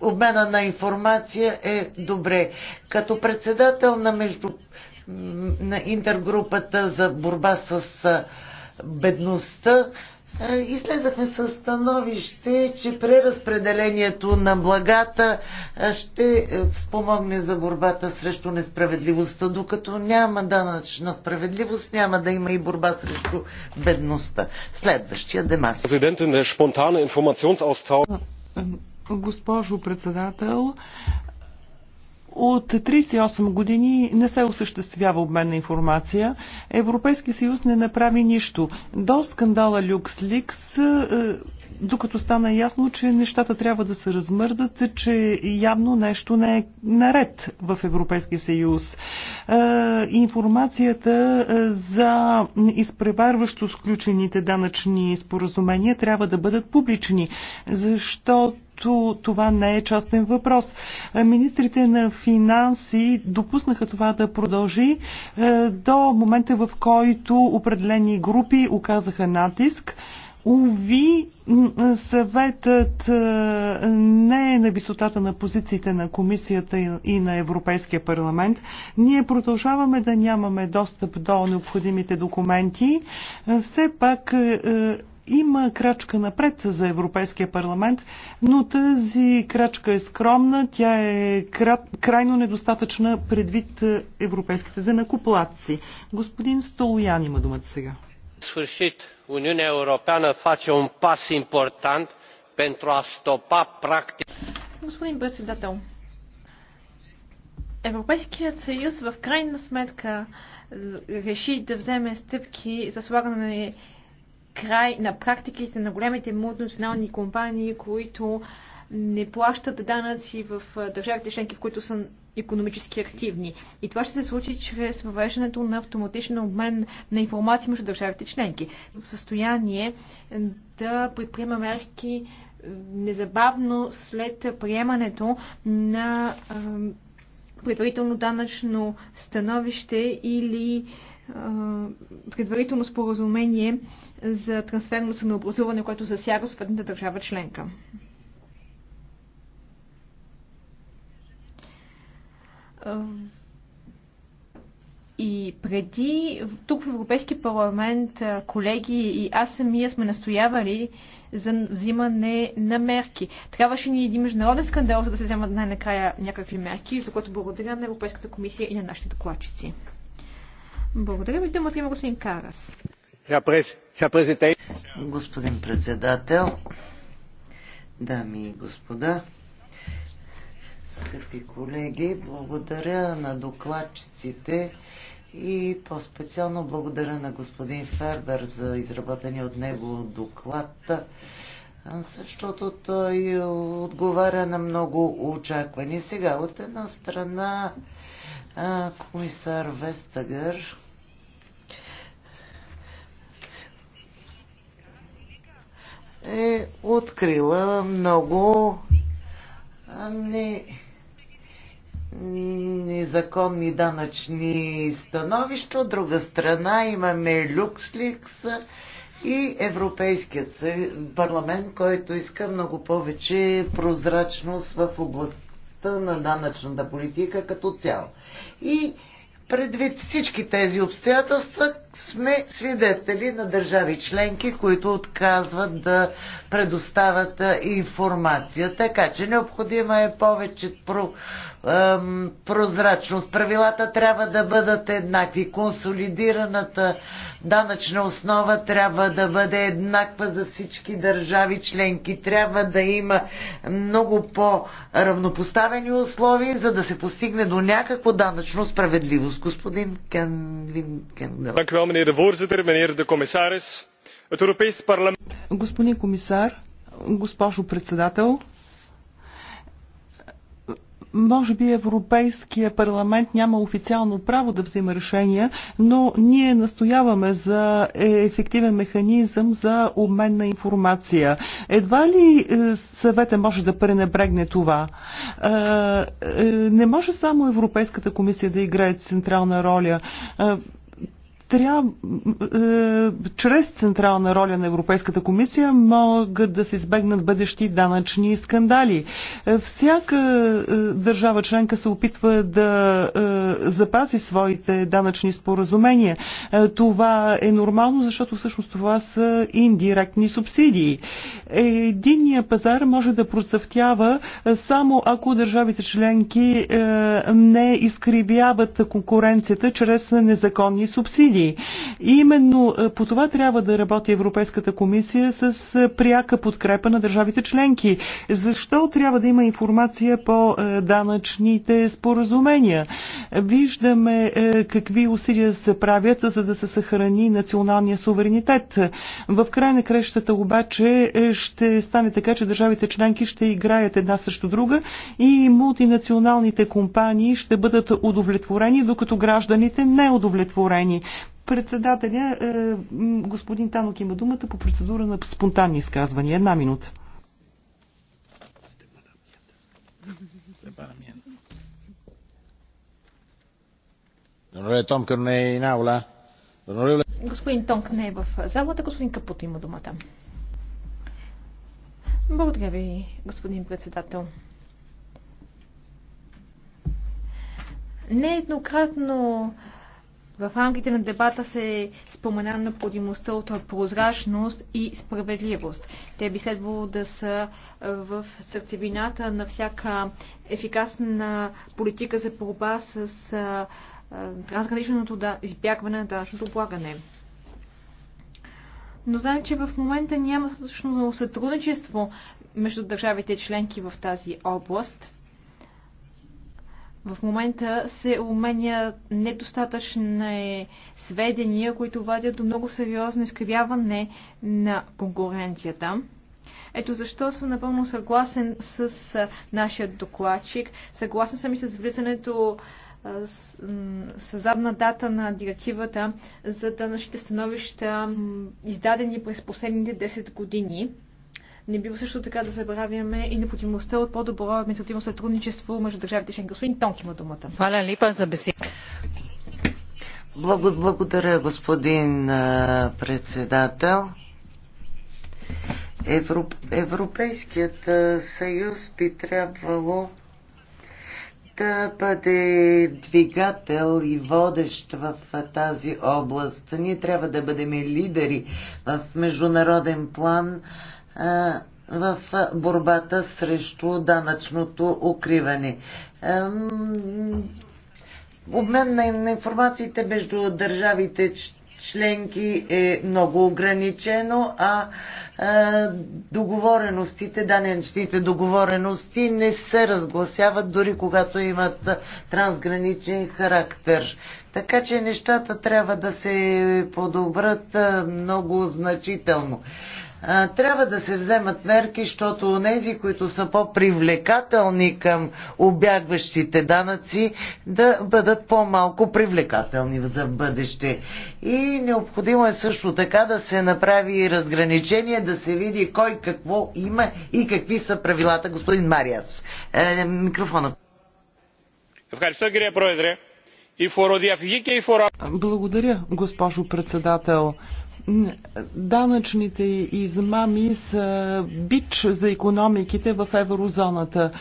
обмена на информация е добре. Като председател на между на интергрупата за борба с бедността, излезахме с становище, че преразпределението на благата ще е, спомогне за борбата срещу несправедливостта. Докато няма данъчна справедливост, няма да има и борба срещу бедността. Следващия демас. Е Госпожо председател, от 38 години не се осъществява обмен на информация. Европейски съюз не направи нищо. До скандала LuxLeaks е, докато стана ясно, че нещата трябва да се размърдат, че явно нещо не е наред в Европейския съюз. Е, информацията е, за изпреварващо сключените данъчни споразумения трябва да бъдат публични, защото защото това не е частен въпрос. Е, министрите на финанси допуснаха това да продължи е, до момента, в който определени групи оказаха натиск. Уви, съветът е, не е на висотата на позициите на комисията и на Европейския парламент. Ние продължаваме да нямаме достъп до необходимите документи. Все пак има крачка напред за Европейския парламент, но тази крачка е скромна, тя е крат, крайно недостатъчна предвид европейските денакоплатци. Господин Столоян има думата сега. Sfârșit, Uniunea Europeană фаче un пас important pentru a stopa practic. Господин председател, Европейският съюз в крайна сметка реши да вземе стъпки за слагане на край на практиките на големите мултинационални компании, които не плащат данъци в държавите членки, в които са економически активни. И това ще се случи чрез въвеждането на автоматичен обмен на информация между държавите членки. В състояние е, да предприема мерки е, незабавно след приемането на е, предварително данъчно становище или предварително споразумение за трансферно самообразуване, което засяга съответната държава членка. И преди, тук в Европейски парламент, колеги и аз самия сме настоявали за взимане на мерки. Трябваше ни един международен скандал, за да се вземат най-накрая някакви мерки, за което благодаря на Европейската комисия и на нашите докладчици. Благодаря има господин Карас. Господин председател, дами и господа, скъпи колеги, благодаря на докладчиците и по-специално благодаря на господин Фербер за изработения от него доклад, защото той отговаря на много очаквания. Сега от една страна комисар Вестагър е открила много не, незаконни данъчни становища. От друга страна имаме люксликс и Европейският парламент, който иска много повече прозрачност в областта на данъчната политика като цяло. И предвид всички тези обстоятелства, сме свидетели на държави членки, които отказват да предоставят информация. Така че необходима е повече про, ем, прозрачност. Правилата трябва да бъдат еднакви. Консолидираната данъчна основа трябва да бъде еднаква за всички държави членки. Трябва да има много по-равнопоставени условия, за да се постигне до някакво данъчно справедливост. Господин Кенвин Кендел. Господин комисар, госпожо председател, може би Европейският парламент няма официално право да взима решения, но ние настояваме за е, ефективен механизъм за обмен на информация. Едва ли е, съвета може да пренебрегне това? Е, не може само Европейската комисия да играе централна роля трябва, е, чрез централна роля на Европейската комисия могат да се избегнат бъдещи данъчни скандали. Е, всяка е, държава членка се опитва да е, запази своите данъчни споразумения. Е, това е нормално, защото всъщност това са индиректни субсидии. Единния пазар може да процъфтява е, само ако държавите членки е, не изкривяват конкуренцията чрез незаконни субсидии цели. И именно е, по това трябва да работи Европейската комисия с е, пряка подкрепа на държавите членки. Защо трябва да има информация по е, данъчните споразумения? Виждаме какви усилия се правят, за да се съхрани националния суверенитет. В край на крещата обаче ще стане така, че държавите членки ще играят една срещу друга и мултинационалните компании ще бъдат удовлетворени, докато гражданите не удовлетворени. Председателя, е, господин Танок има думата по процедура на спонтанни изказвания. Една минута. Господин Тонк не е в залата. Господин Капут има думата. Благодаря ви, господин председател. Нееднократно еднократно в рамките на дебата се спомена необходимостта от прозрачност и справедливост. Те би следвало да са в сърцевината на всяка ефикасна политика за борба с трансграничното избягване на данъчното облагане. Но знаем, че в момента няма всъщност сътрудничество между държавите членки в тази област – в момента се уменя недостатъчни сведения, които водят до много сериозно изкривяване на конкуренцията. Ето защо съм напълно съгласен с нашия докладчик. Съгласен съм и с влизането с, с задна дата на директивата за данъчните становища, издадени през последните 10 години. Не бива също така да забравяме и необходимостта от по-добро административно сътрудничество между държавите членки. Господин Тонк има думата. Валя липа за беседа. Благодаря, господин председател. Европ... Европейският съюз би трябвало да бъде двигател и водещ в тази област. Ние трябва да бъдем лидери в международен план в борбата срещу данъчното укриване. Обмен на информациите между държавите членки е много ограничено, а договореностите, данъчните договорености не се разгласяват дори когато имат трансграничен характер. Така че нещата трябва да се подобрат много значително трябва да се вземат мерки, защото онези, които са по-привлекателни към обягващите данъци, да бъдат по-малко привлекателни за бъдеще. И необходимо е също така да се направи разграничение, да се види кой какво има и какви са правилата. Господин Мариас, е, микрофонът. Благодаря, госпожо председател данъчните измами са бич за економиките в еврозоната.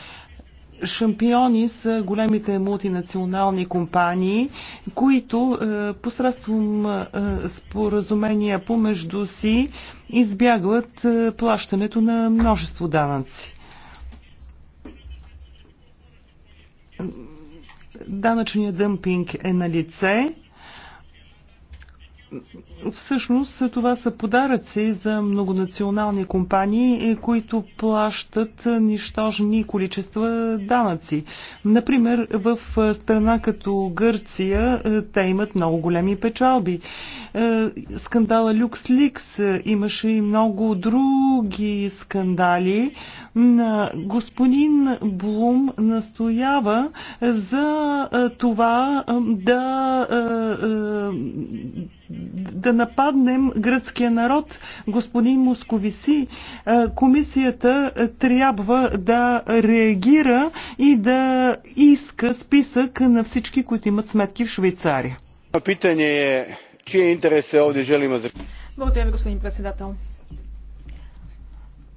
Шампиони са големите мултинационални компании, които е, посредством е, споразумения помежду си избягват е, плащането на множество данъци. Данъчният дъмпинг е на лице Всъщност това са подаръци за многонационални компании, е, които плащат нищожни количества данъци. Например, в е, страна като Гърция е, те имат много големи печалби. Скандала Люкс Ликс имаше и много други скандали. Господин Блум настоява за това да да нападнем гръцкия народ. Господин Московиси, е, комисията трябва да реагира и да иска списък на всички, които имат сметки в Швейцария. Питание е, чия интерес е овде желим за... Благодаря ви, господин председател.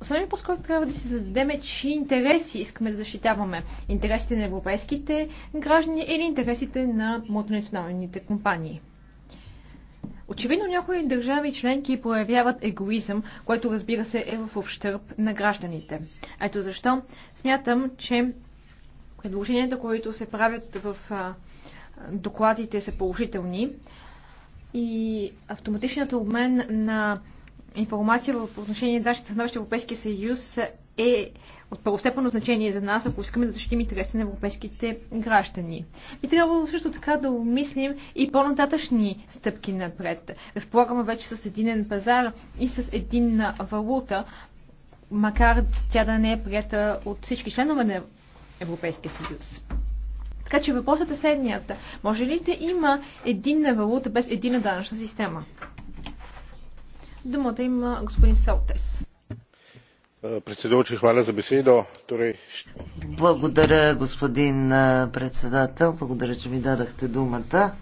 Основният по-скоро трябва да си зададем е, чии интереси искаме да защитаваме. Интересите на европейските граждани или интересите на мултинационалните компании. Очевидно някои държави членки проявяват егоизъм, което разбира се е в общърп на гражданите. Ето защо смятам, че предложенията, които се правят в докладите са положителни и автоматичният обмен на информация в отношение на нашите становище Европейския съюз е от първостепенно значение за нас, ако искаме да защитим интересите на европейските граждани. Би трябвало също така да обмислим и по-нататъчни стъпки напред. Разполагаме вече с единен пазар и с единна валута, макар тя да не е прията от всички членове на Европейския съюз. Така че въпросът е следният. Може ли да има единна валута без единна данъчна система? Думата има господин Салтес. Благодаря, господин председател. Благодаря, че ми дадахте думата.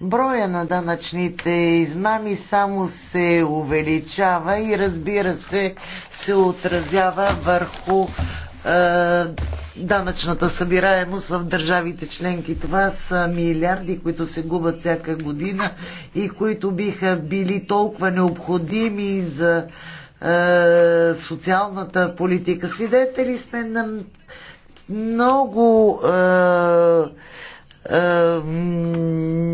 Броя на данъчните измами само се увеличава и разбира се, се отразява върху е, данъчната събираемост в държавите членки. Това са милиарди, които се губят всяка година и които биха били толкова необходими за е, социалната политика. Свидетели сме на много е, е,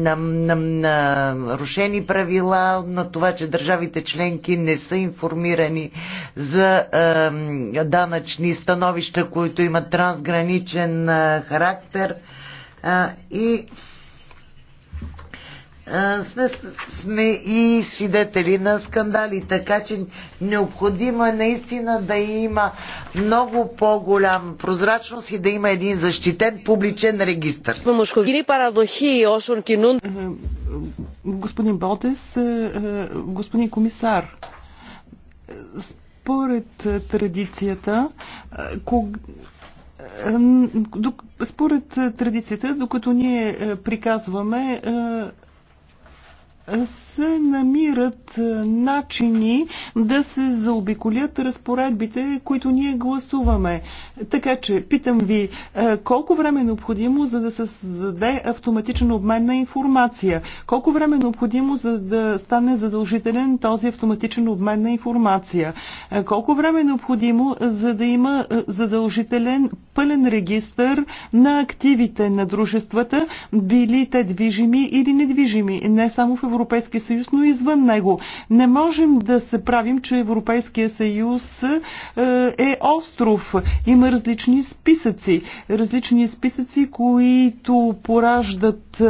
на, на, на нарушени правила, на това, че държавите членки не са информирани за е, данъчни становища, които имат трансграничен е, характер е, и сме, сме и свидетели на скандали, така че необходимо е наистина да има много по-голям прозрачност и да има един защитен публичен регистр. Е, господин Балтес, е, е, господин комисар, според традицията, кога според традицията, докато ние приказваме, Însă, се намират е, начини да се заобиколят разпоредбите, които ние гласуваме. Така че, питам ви, е, колко време е необходимо, за да се създаде автоматичен обмен на информация? Колко време е необходимо, за да стане задължителен този автоматичен обмен на информация? Е, колко време е необходимо, за да има задължителен пълен регистър на активите на дружествата, били те движими или недвижими, не само в Европейски съюз, но извън него. Не можем да се правим, че Европейския съюз е, е остров. Има различни списъци. Различни списъци, които пораждат е,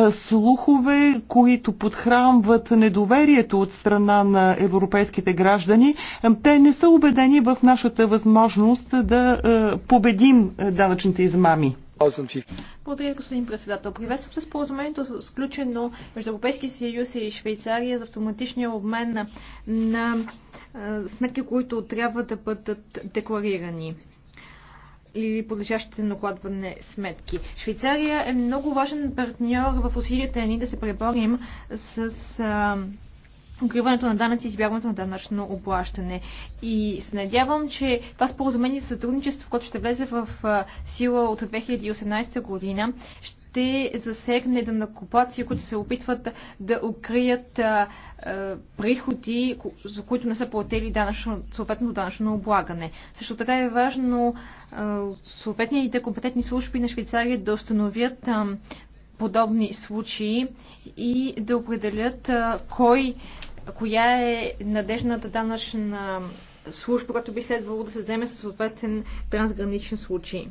е, слухове, които подхранват недоверието от страна на европейските граждани. Те не са убедени в нашата възможност да победим данъчните измами. Благодаря, господин председател. Приветствам се споразумението, сключено между Европейския съюз и Швейцария за автоматичния обмен на, на сметки, които трябва да бъдат декларирани или подлежащите на докладване сметки. Швейцария е много важен партньор в усилията ни да се преборим с а, укриването на данъци и избягването на данъчно облащане. И се надявам, че това споразумение за сътрудничество, което ще влезе в сила от 2018 година, ще засегне данъкоплаци, които се опитват да укрият приходи, за които не са платили данъчно, съответно данъчно облагане. Също така е важно съответните компетентни служби на Швейцария да установят подобни случаи и да определят кой коя е надежната данъчна служба, която би следвало да се вземе със съответен трансграничен случай.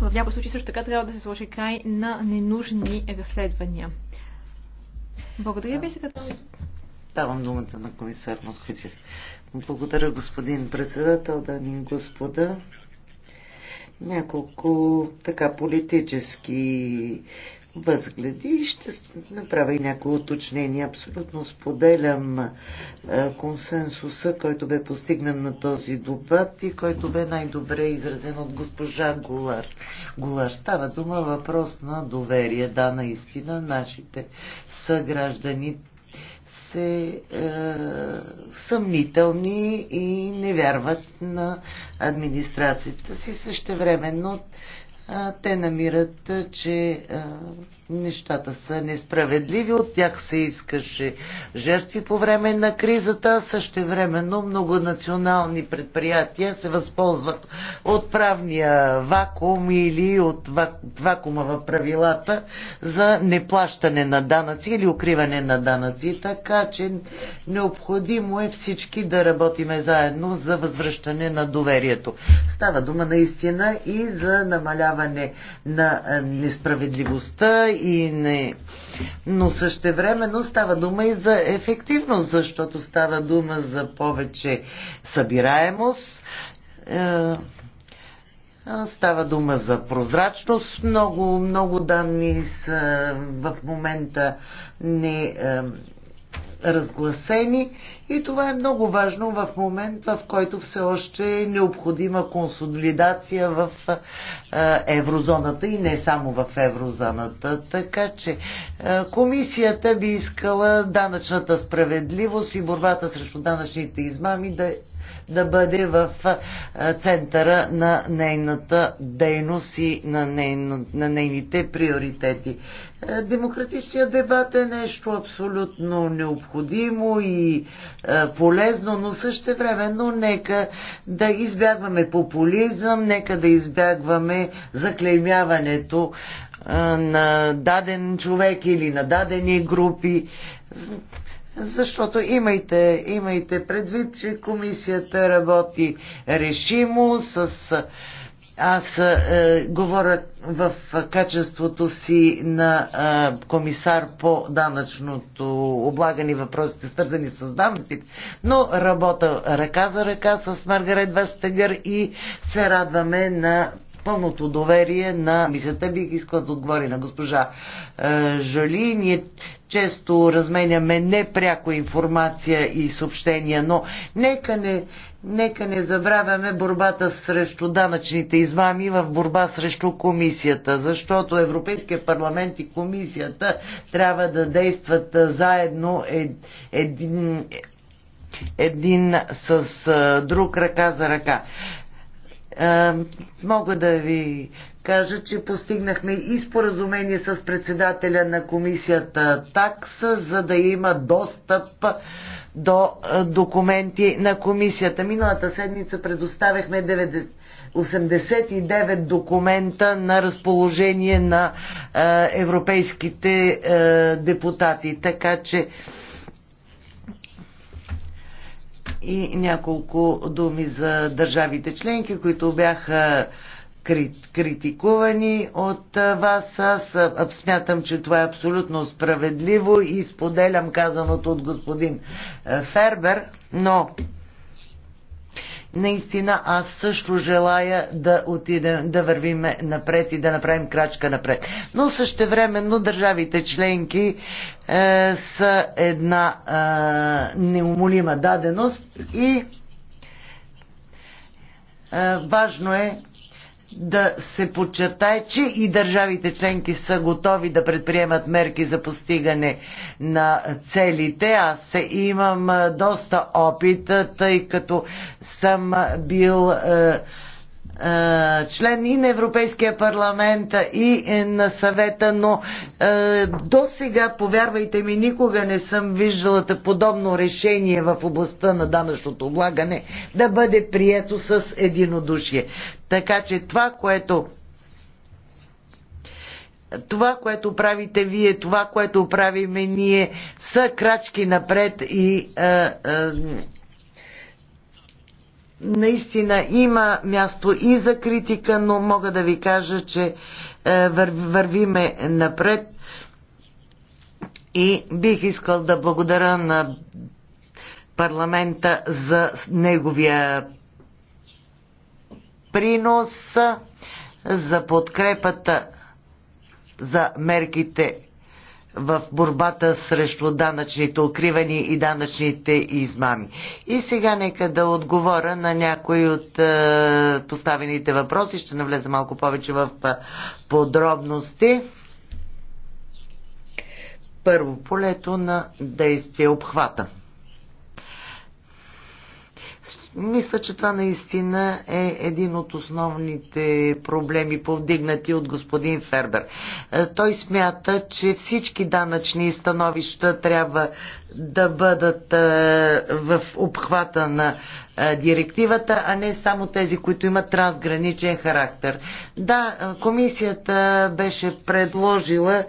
В някои случаи също така трябва да се сложи край на ненужни разследвания. Благодаря ви сега. Давам думата на комисар Москвицев. Благодаря, господин председател, дами и господа. Няколко така политически възгледи и ще направя и някои уточнения. Абсолютно споделям консенсуса, който бе постигнан на този доклад и който бе най-добре изразен от госпожа Голар. Голар става дума въпрос на доверие. Да, наистина, нашите съграждани се е, съмнителни и не вярват на администрацията си. Същевременно те намират, че нещата са несправедливи, от тях се искаше жертви по време на кризата, същевременно многонационални предприятия се възползват от правния вакуум или от вакуума в правилата за неплащане на данъци или укриване на данъци, така че необходимо е всички да работиме заедно за възвръщане на доверието. Става дума наистина и за намаляване намаляване на несправедливостта и не... Но същевременно става дума и за ефективност, защото става дума за повече събираемост, е, Става дума за прозрачност. Много, много данни са в момента не е, разгласени и това е много важно в момент, в който все още е необходима консолидация в еврозоната и не само в еврозоната. Така че комисията би искала данъчната справедливост и борбата срещу данъчните измами да да бъде в центъра на нейната дейност и на, нейно, на нейните приоритети. Е, демократичният дебат е нещо абсолютно необходимо и е, полезно, но също времено нека да избягваме популизъм, нека да избягваме заклеймяването е, на даден човек или на дадени групи. Защото имайте, имайте предвид, че комисията работи решимо с аз е, говоря в качеството си на е, комисар по данъчното облагане въпросите, свързани с данъците, но работя ръка за ръка с Маргарет Вестегър и се радваме на пълното доверие на мисията. Бих искала да отговори на госпожа е, Жали. Ние често разменяме непряко информация и съобщения, но нека не, нека не забравяме борбата срещу данъчните измами в борба срещу комисията, защото Европейския парламент и комисията трябва да действат заедно ед, един един с друг ръка за ръка. Е, мога да ви кажа, че постигнахме и споразумение с председателя на комисията такса, за да има достъп до е, документи на комисията. Миналата седмица предоставяхме 90... 89 документа на разположение на е, европейските депутати. Така че и няколко думи за държавите членки, които бяха критикувани от вас. Аз смятам, че това е абсолютно справедливо и споделям казаното от господин Фербер, но Наистина аз също желая да отидем, да вървим напред и да направим крачка напред. Но същевременно държавите членки е, са една е, неумолима даденост и е, важно е да се подчертае, че и държавите членки са готови да предприемат мерки за постигане на целите. Аз имам доста опит, тъй като съм бил е, е, член и на Европейския парламент и на съвета, но е, до сега, повярвайте ми, никога не съм виждала подобно решение в областта на данъчното облагане да бъде прието с единодушие. Така че това, което това, което правите вие, това, което правиме ние, са крачки напред и е, наистина има място и за критика, но мога да ви кажа, че е, вървиме напред и бих искал да благодаря на парламента за неговия принос за подкрепата за мерките в борбата срещу данъчните укривани и данъчните измами. И сега нека да отговоря на някои от е, поставените въпроси. Ще навлеза малко повече в е, подробности. Първо, полето на действие обхвата. Мисля, че това наистина е един от основните проблеми, повдигнати от господин Фербер. Е, той смята, че всички данъчни становища трябва да бъдат е, в обхвата на е, директивата, а не само тези, които имат трансграничен характер. Да, комисията беше предложила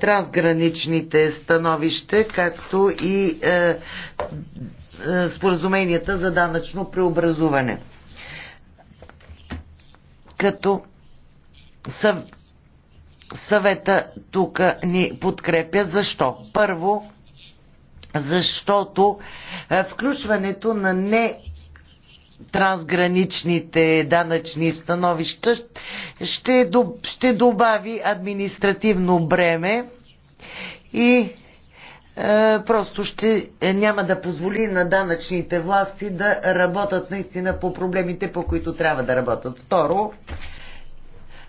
трансграничните становища, както и е, споразуменията за данъчно преобразуване. Като съв... съвета тук ни подкрепя. Защо? Първо, защото е, включването на не трансграничните данъчни становища ще, ще добави административно бреме и е, просто ще, е, няма да позволи на данъчните власти да работят наистина по проблемите, по които трябва да работят. Второ,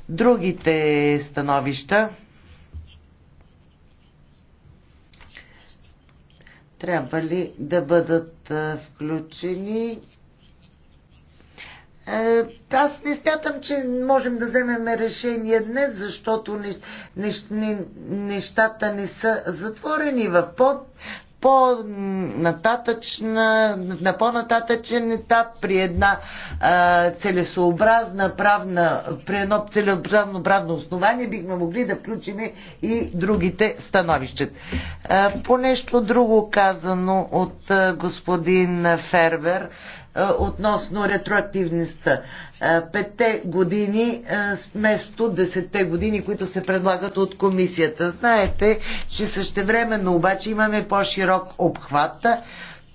другите становища трябва ли да бъдат е, включени е, аз не смятам, че можем да вземем решение днес, защото не, не, не, нещата не са затворени в под по на по-нататъчен етап при една а, целесообразна правна, при едно целесообразно правно основание бихме могли да включим и другите становища. А, е, по нещо друго казано от а, е, господин Фервер е, относно ретроактивността. Е, петте години е, вместо десетте години, които се предлагат от комисията. Знаете, че същевременно обаче имаме по-широк обхват,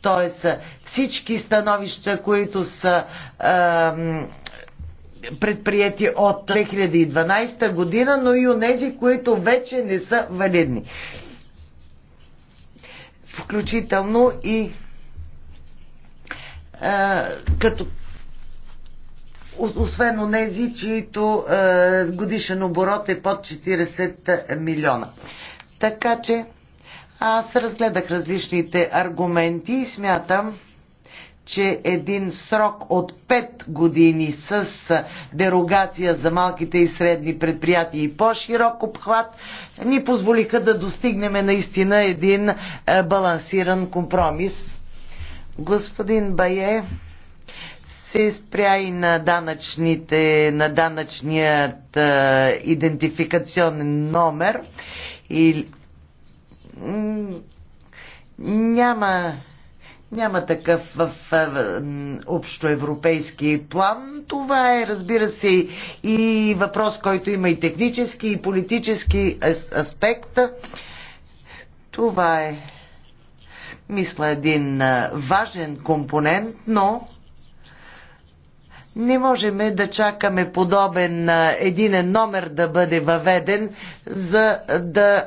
т.е. всички становища, които са предприяти от 2012 година, но и онези, които вече не са валидни. Включително и като освен онези, чието годишен оборот е под 40 милиона. Така че аз разгледах различните аргументи и смятам, че един срок от 5 години с дерогация за малките и средни предприятия и по-широк обхват ни позволиха да достигнем наистина един балансиран компромис, Господин Бае се спря и на, данъчните, на данъчният а, идентификационен номер и няма няма такъв в, в, общоевропейски план. Това е, разбира се, и въпрос, който има и технически, и политически аспект. Това е мисля, един важен компонент, но не можем да чакаме подобен един номер да бъде въведен, за да,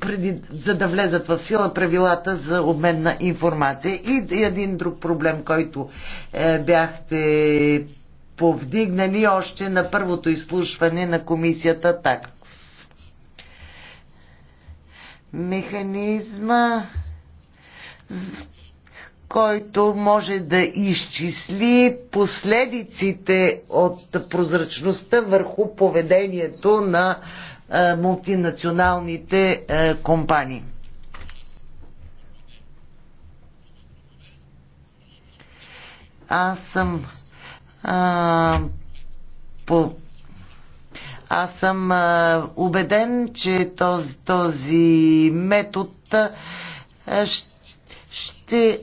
преди, за да влезат в сила правилата за обмен на информация. И един друг проблем, който е, бяхте повдигнали още на първото изслушване на комисията така механизма, който може да изчисли последиците от прозрачността върху поведението на мултинационалните компании. Аз съм а, по аз съм убеден, че този, този метод ще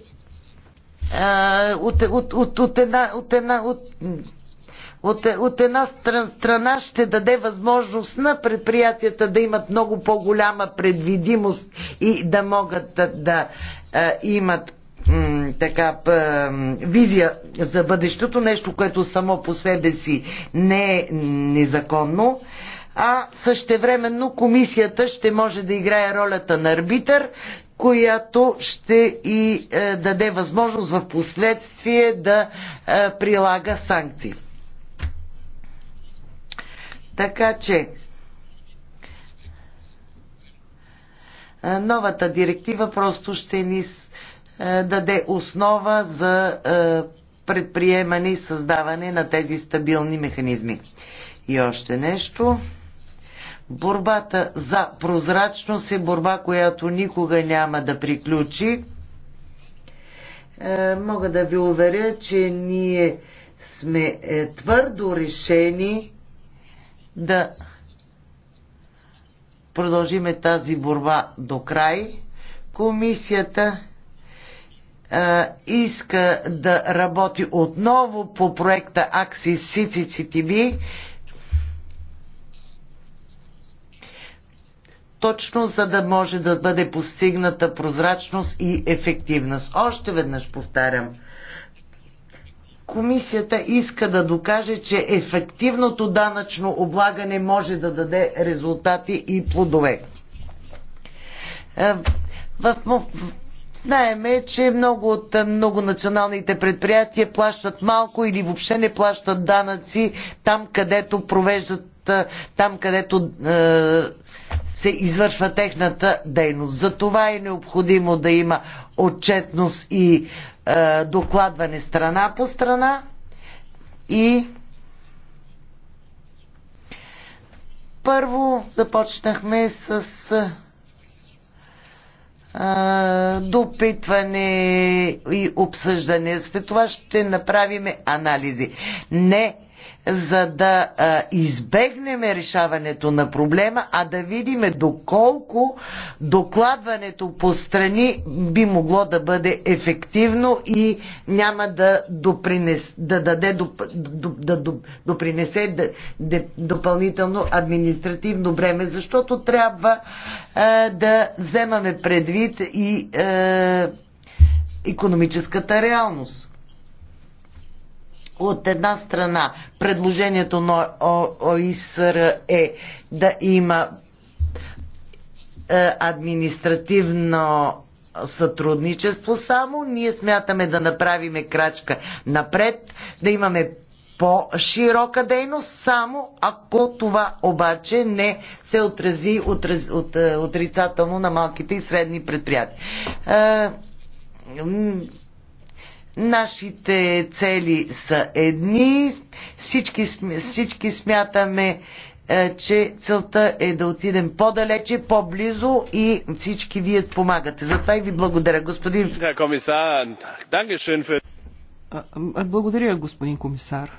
от, от, от, от една, от една, от, от, от една страна ще даде възможност на предприятията да имат много по-голяма предвидимост и да могат да, да а, имат така, визия за бъдещето, нещо, което само по себе си не е незаконно, а същевременно комисията ще може да играе ролята на арбитър, която ще и е, даде възможност в последствие да е, прилага санкции. Така че е, новата директива просто ще ни е, даде основа за е, предприемане и създаване на тези стабилни механизми. И още нещо. Борбата за прозрачност е борба, която никога няма да приключи. Е, мога да ви уверя, че ние сме твърдо решени да продължиме тази борба до край. Комисията иска да работи отново по проекта Аксис CCCTV, точно за да може да бъде постигната прозрачност и ефективност. Още веднъж повтарям. Комисията иска да докаже, че ефективното данъчно облагане може да даде резултати и плодове. Е, в, Знаеме, че много от многонационалните предприятия плащат малко или въобще не плащат данъци там, където провеждат, там, където е, се извършва техната дейност. За това е необходимо да има отчетност и е, докладване страна по страна и първо започнахме с допитване и обсъждане. След това ще направим анализи. Не за да избегнем решаването на проблема, а да видим доколко докладването по страни би могло да бъде ефективно и няма да, допринес, да, даде, да, доп, допринесе да, де, допълнително административно бреме, защото трябва а, да вземаме предвид и економическата реалност. От една страна, предложението на ОИСР е да има е, административно сътрудничество само. Ние смятаме да направиме крачка напред, да имаме по-широка дейност, само ако това обаче не се отрази отраз, от, е, отрицателно на малките и средни предприятия е, Нашите цели са едни. Всички, всички смятаме, е, че целта е да отидем по-далече, по-близо и всички вие спомагате. Затова и ви благодаря, господин. Благодаря, господин комисар.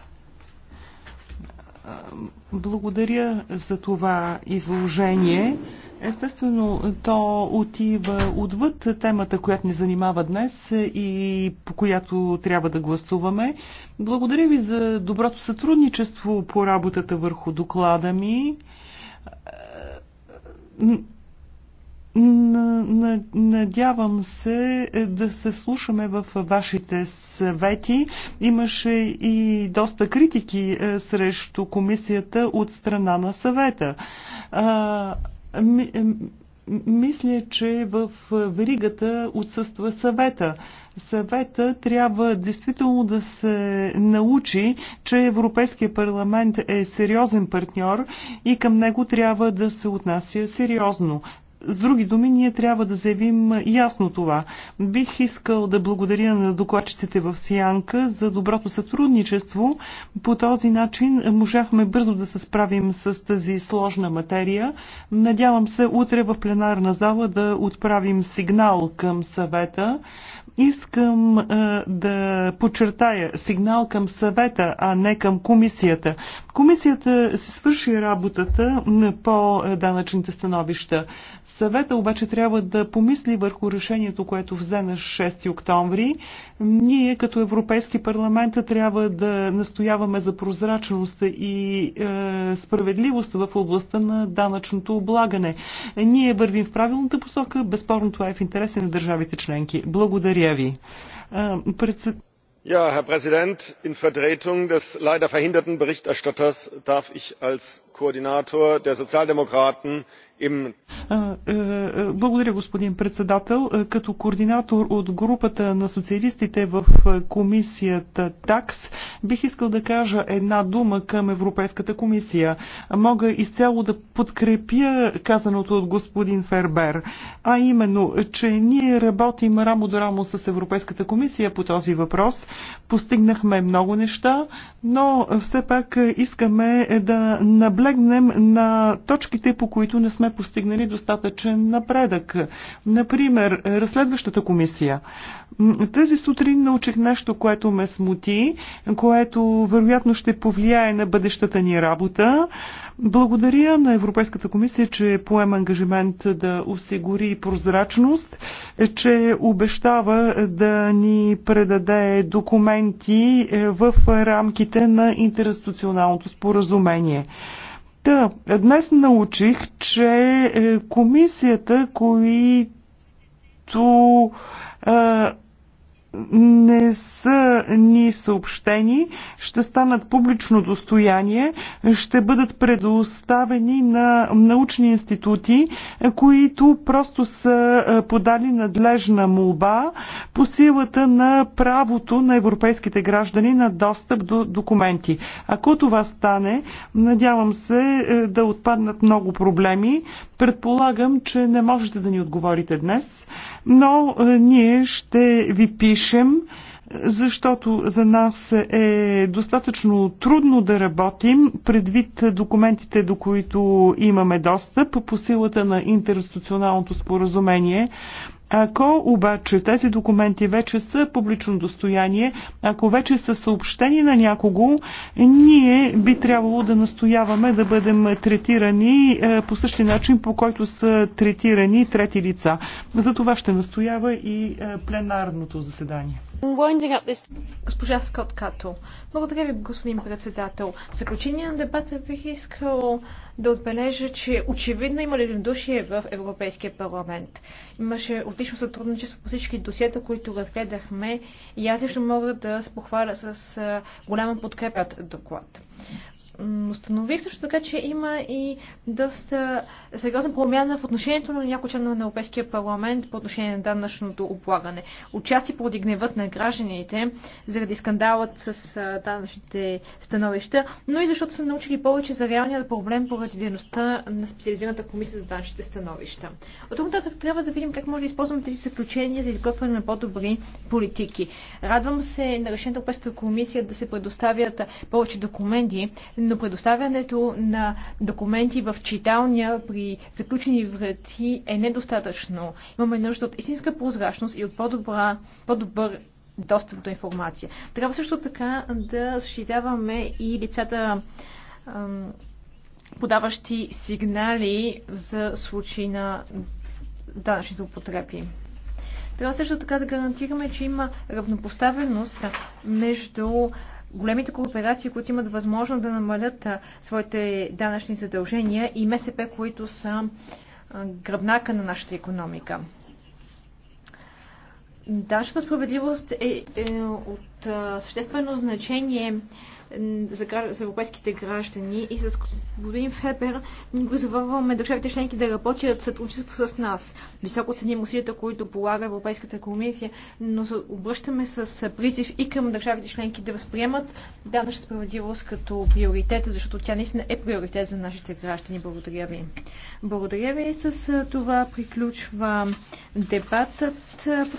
Благодаря за това изложение. Естествено, то отива отвъд темата, която ни занимава днес и по която трябва да гласуваме. Благодаря ви за доброто сътрудничество по работата върху доклада ми. Надявам се да се слушаме в вашите съвети. Имаше и доста критики е, срещу комисията от страна на съвета. Е, мисля, че в е, веригата отсъства съвета. Съвета трябва действително да се научи, че Европейския парламент е сериозен партньор и към него трябва да се отнася сериозно. С други думи, ние трябва да заявим ясно това. Бих искал да благодаря на докладчиците в Сиянка за доброто сътрудничество. По този начин можахме бързо да се справим с тази сложна материя. Надявам се утре в пленарна зала да отправим сигнал към съвета. Искам е, да подчертая сигнал към съвета, а не към комисията. Комисията се свърши работата по данъчните становища. Съвета обаче трябва да помисли върху решението, което взе на 6 октомври. Ние като Европейски парламент трябва да настояваме за прозрачност и е, справедливост в областта на данъчното облагане. Ние вървим в правилната посока, безспорно това е в интереси на държавите членки. Благодаря ви. Е, председ... Ja, herr präsident! in vertretung des leider verhinderten berichterstatters darf ich als koordinator der sozialdemokraten е, е, благодаря, господин председател. Е, като координатор от групата на социалистите в комисията ТАКС, бих искал да кажа една дума към Европейската комисия. Мога изцяло да подкрепя казаното от господин Фербер, а именно, че ние работим рамо до рамо с Европейската комисия по този въпрос. Постигнахме много неща, но все пак искаме да наблегнем на точките, по които не сме сме постигнали достатъчен напредък. Например, разследващата комисия. Тази сутрин научих нещо, което ме смути, което вероятно ще повлияе на бъдещата ни работа. Благодаря на Европейската комисия, че поема ангажимент да осигури прозрачност, че обещава да ни предаде документи е, в рамките на интерституционалното споразумение. Та, да, днес научих, че е, комисията, които а, е, не са ни съобщени, ще станат публично достояние, ще бъдат предоставени на научни институти, които просто са подали надлежна молба по силата на правото на европейските граждани на достъп до документи. Ако това стане, надявам се да отпаднат много проблеми. Предполагам, че не можете да ни отговорите днес, но ние ще ви пишем пишем, защото за нас е достатъчно трудно да работим предвид документите, до които имаме достъп по силата на интерституционалното споразумение. Ако обаче тези документи вече са публично достояние, ако вече са съобщени на някого, ние би трябвало да настояваме да бъдем третирани е, по същия начин, по който са третирани трети лица. За това ще настоява и е, пленарното заседание. Госпожа Скот Като. Благодаря ви, господин председател. В заключение на дебата бих искал да отбележа, че очевидно има единодушие в Европейския парламент. Имаше отлично сътрудничество по всички досиета, които разгледахме и аз лично мога да се похваля с голяма подкрепят доклад. Установих също така, че има и доста сериозна промяна в отношението на някои членове на Европейския парламент по отношение на данъчното облагане. Отчасти поради гневът на гражданите, заради скандалът с данъчните становища, но и защото са научили повече за реалния проблем поради дейността на специализираната комисия за данъчните становища. От тук нататък трябва да видим как може да използваме тези заключения за изготвяне на по-добри политики. Радвам се на решението Европейската комисия да се предоставят повече документи, но предоставянето на документи в читалния при заключени врати е недостатъчно. Имаме нужда от истинска прозрачност и от по-добра, по-добър достъп до информация. Трябва също така да защитаваме и лицата, подаващи сигнали за случаи на данъчни злоупотреби. Трябва също така да гарантираме, че има равнопоставеност между големите кооперации, които имат възможност да намалят своите данъчни задължения и МСП, които са гръбнака на нашата економика. Данъчна справедливост е, е от а, съществено значение за, за европейските граждани и с господин Фебер призоваваме държавите членки да работят сътрудничество с нас. Високо ценим усилията, които полага Европейската комисия, но обръщаме с призив и към държавите членки да възприемат данъчна справедливост като приоритет, защото тя наистина е приоритет за нашите граждани. Благодаря ви. Благодаря ви. С това приключва дебатът по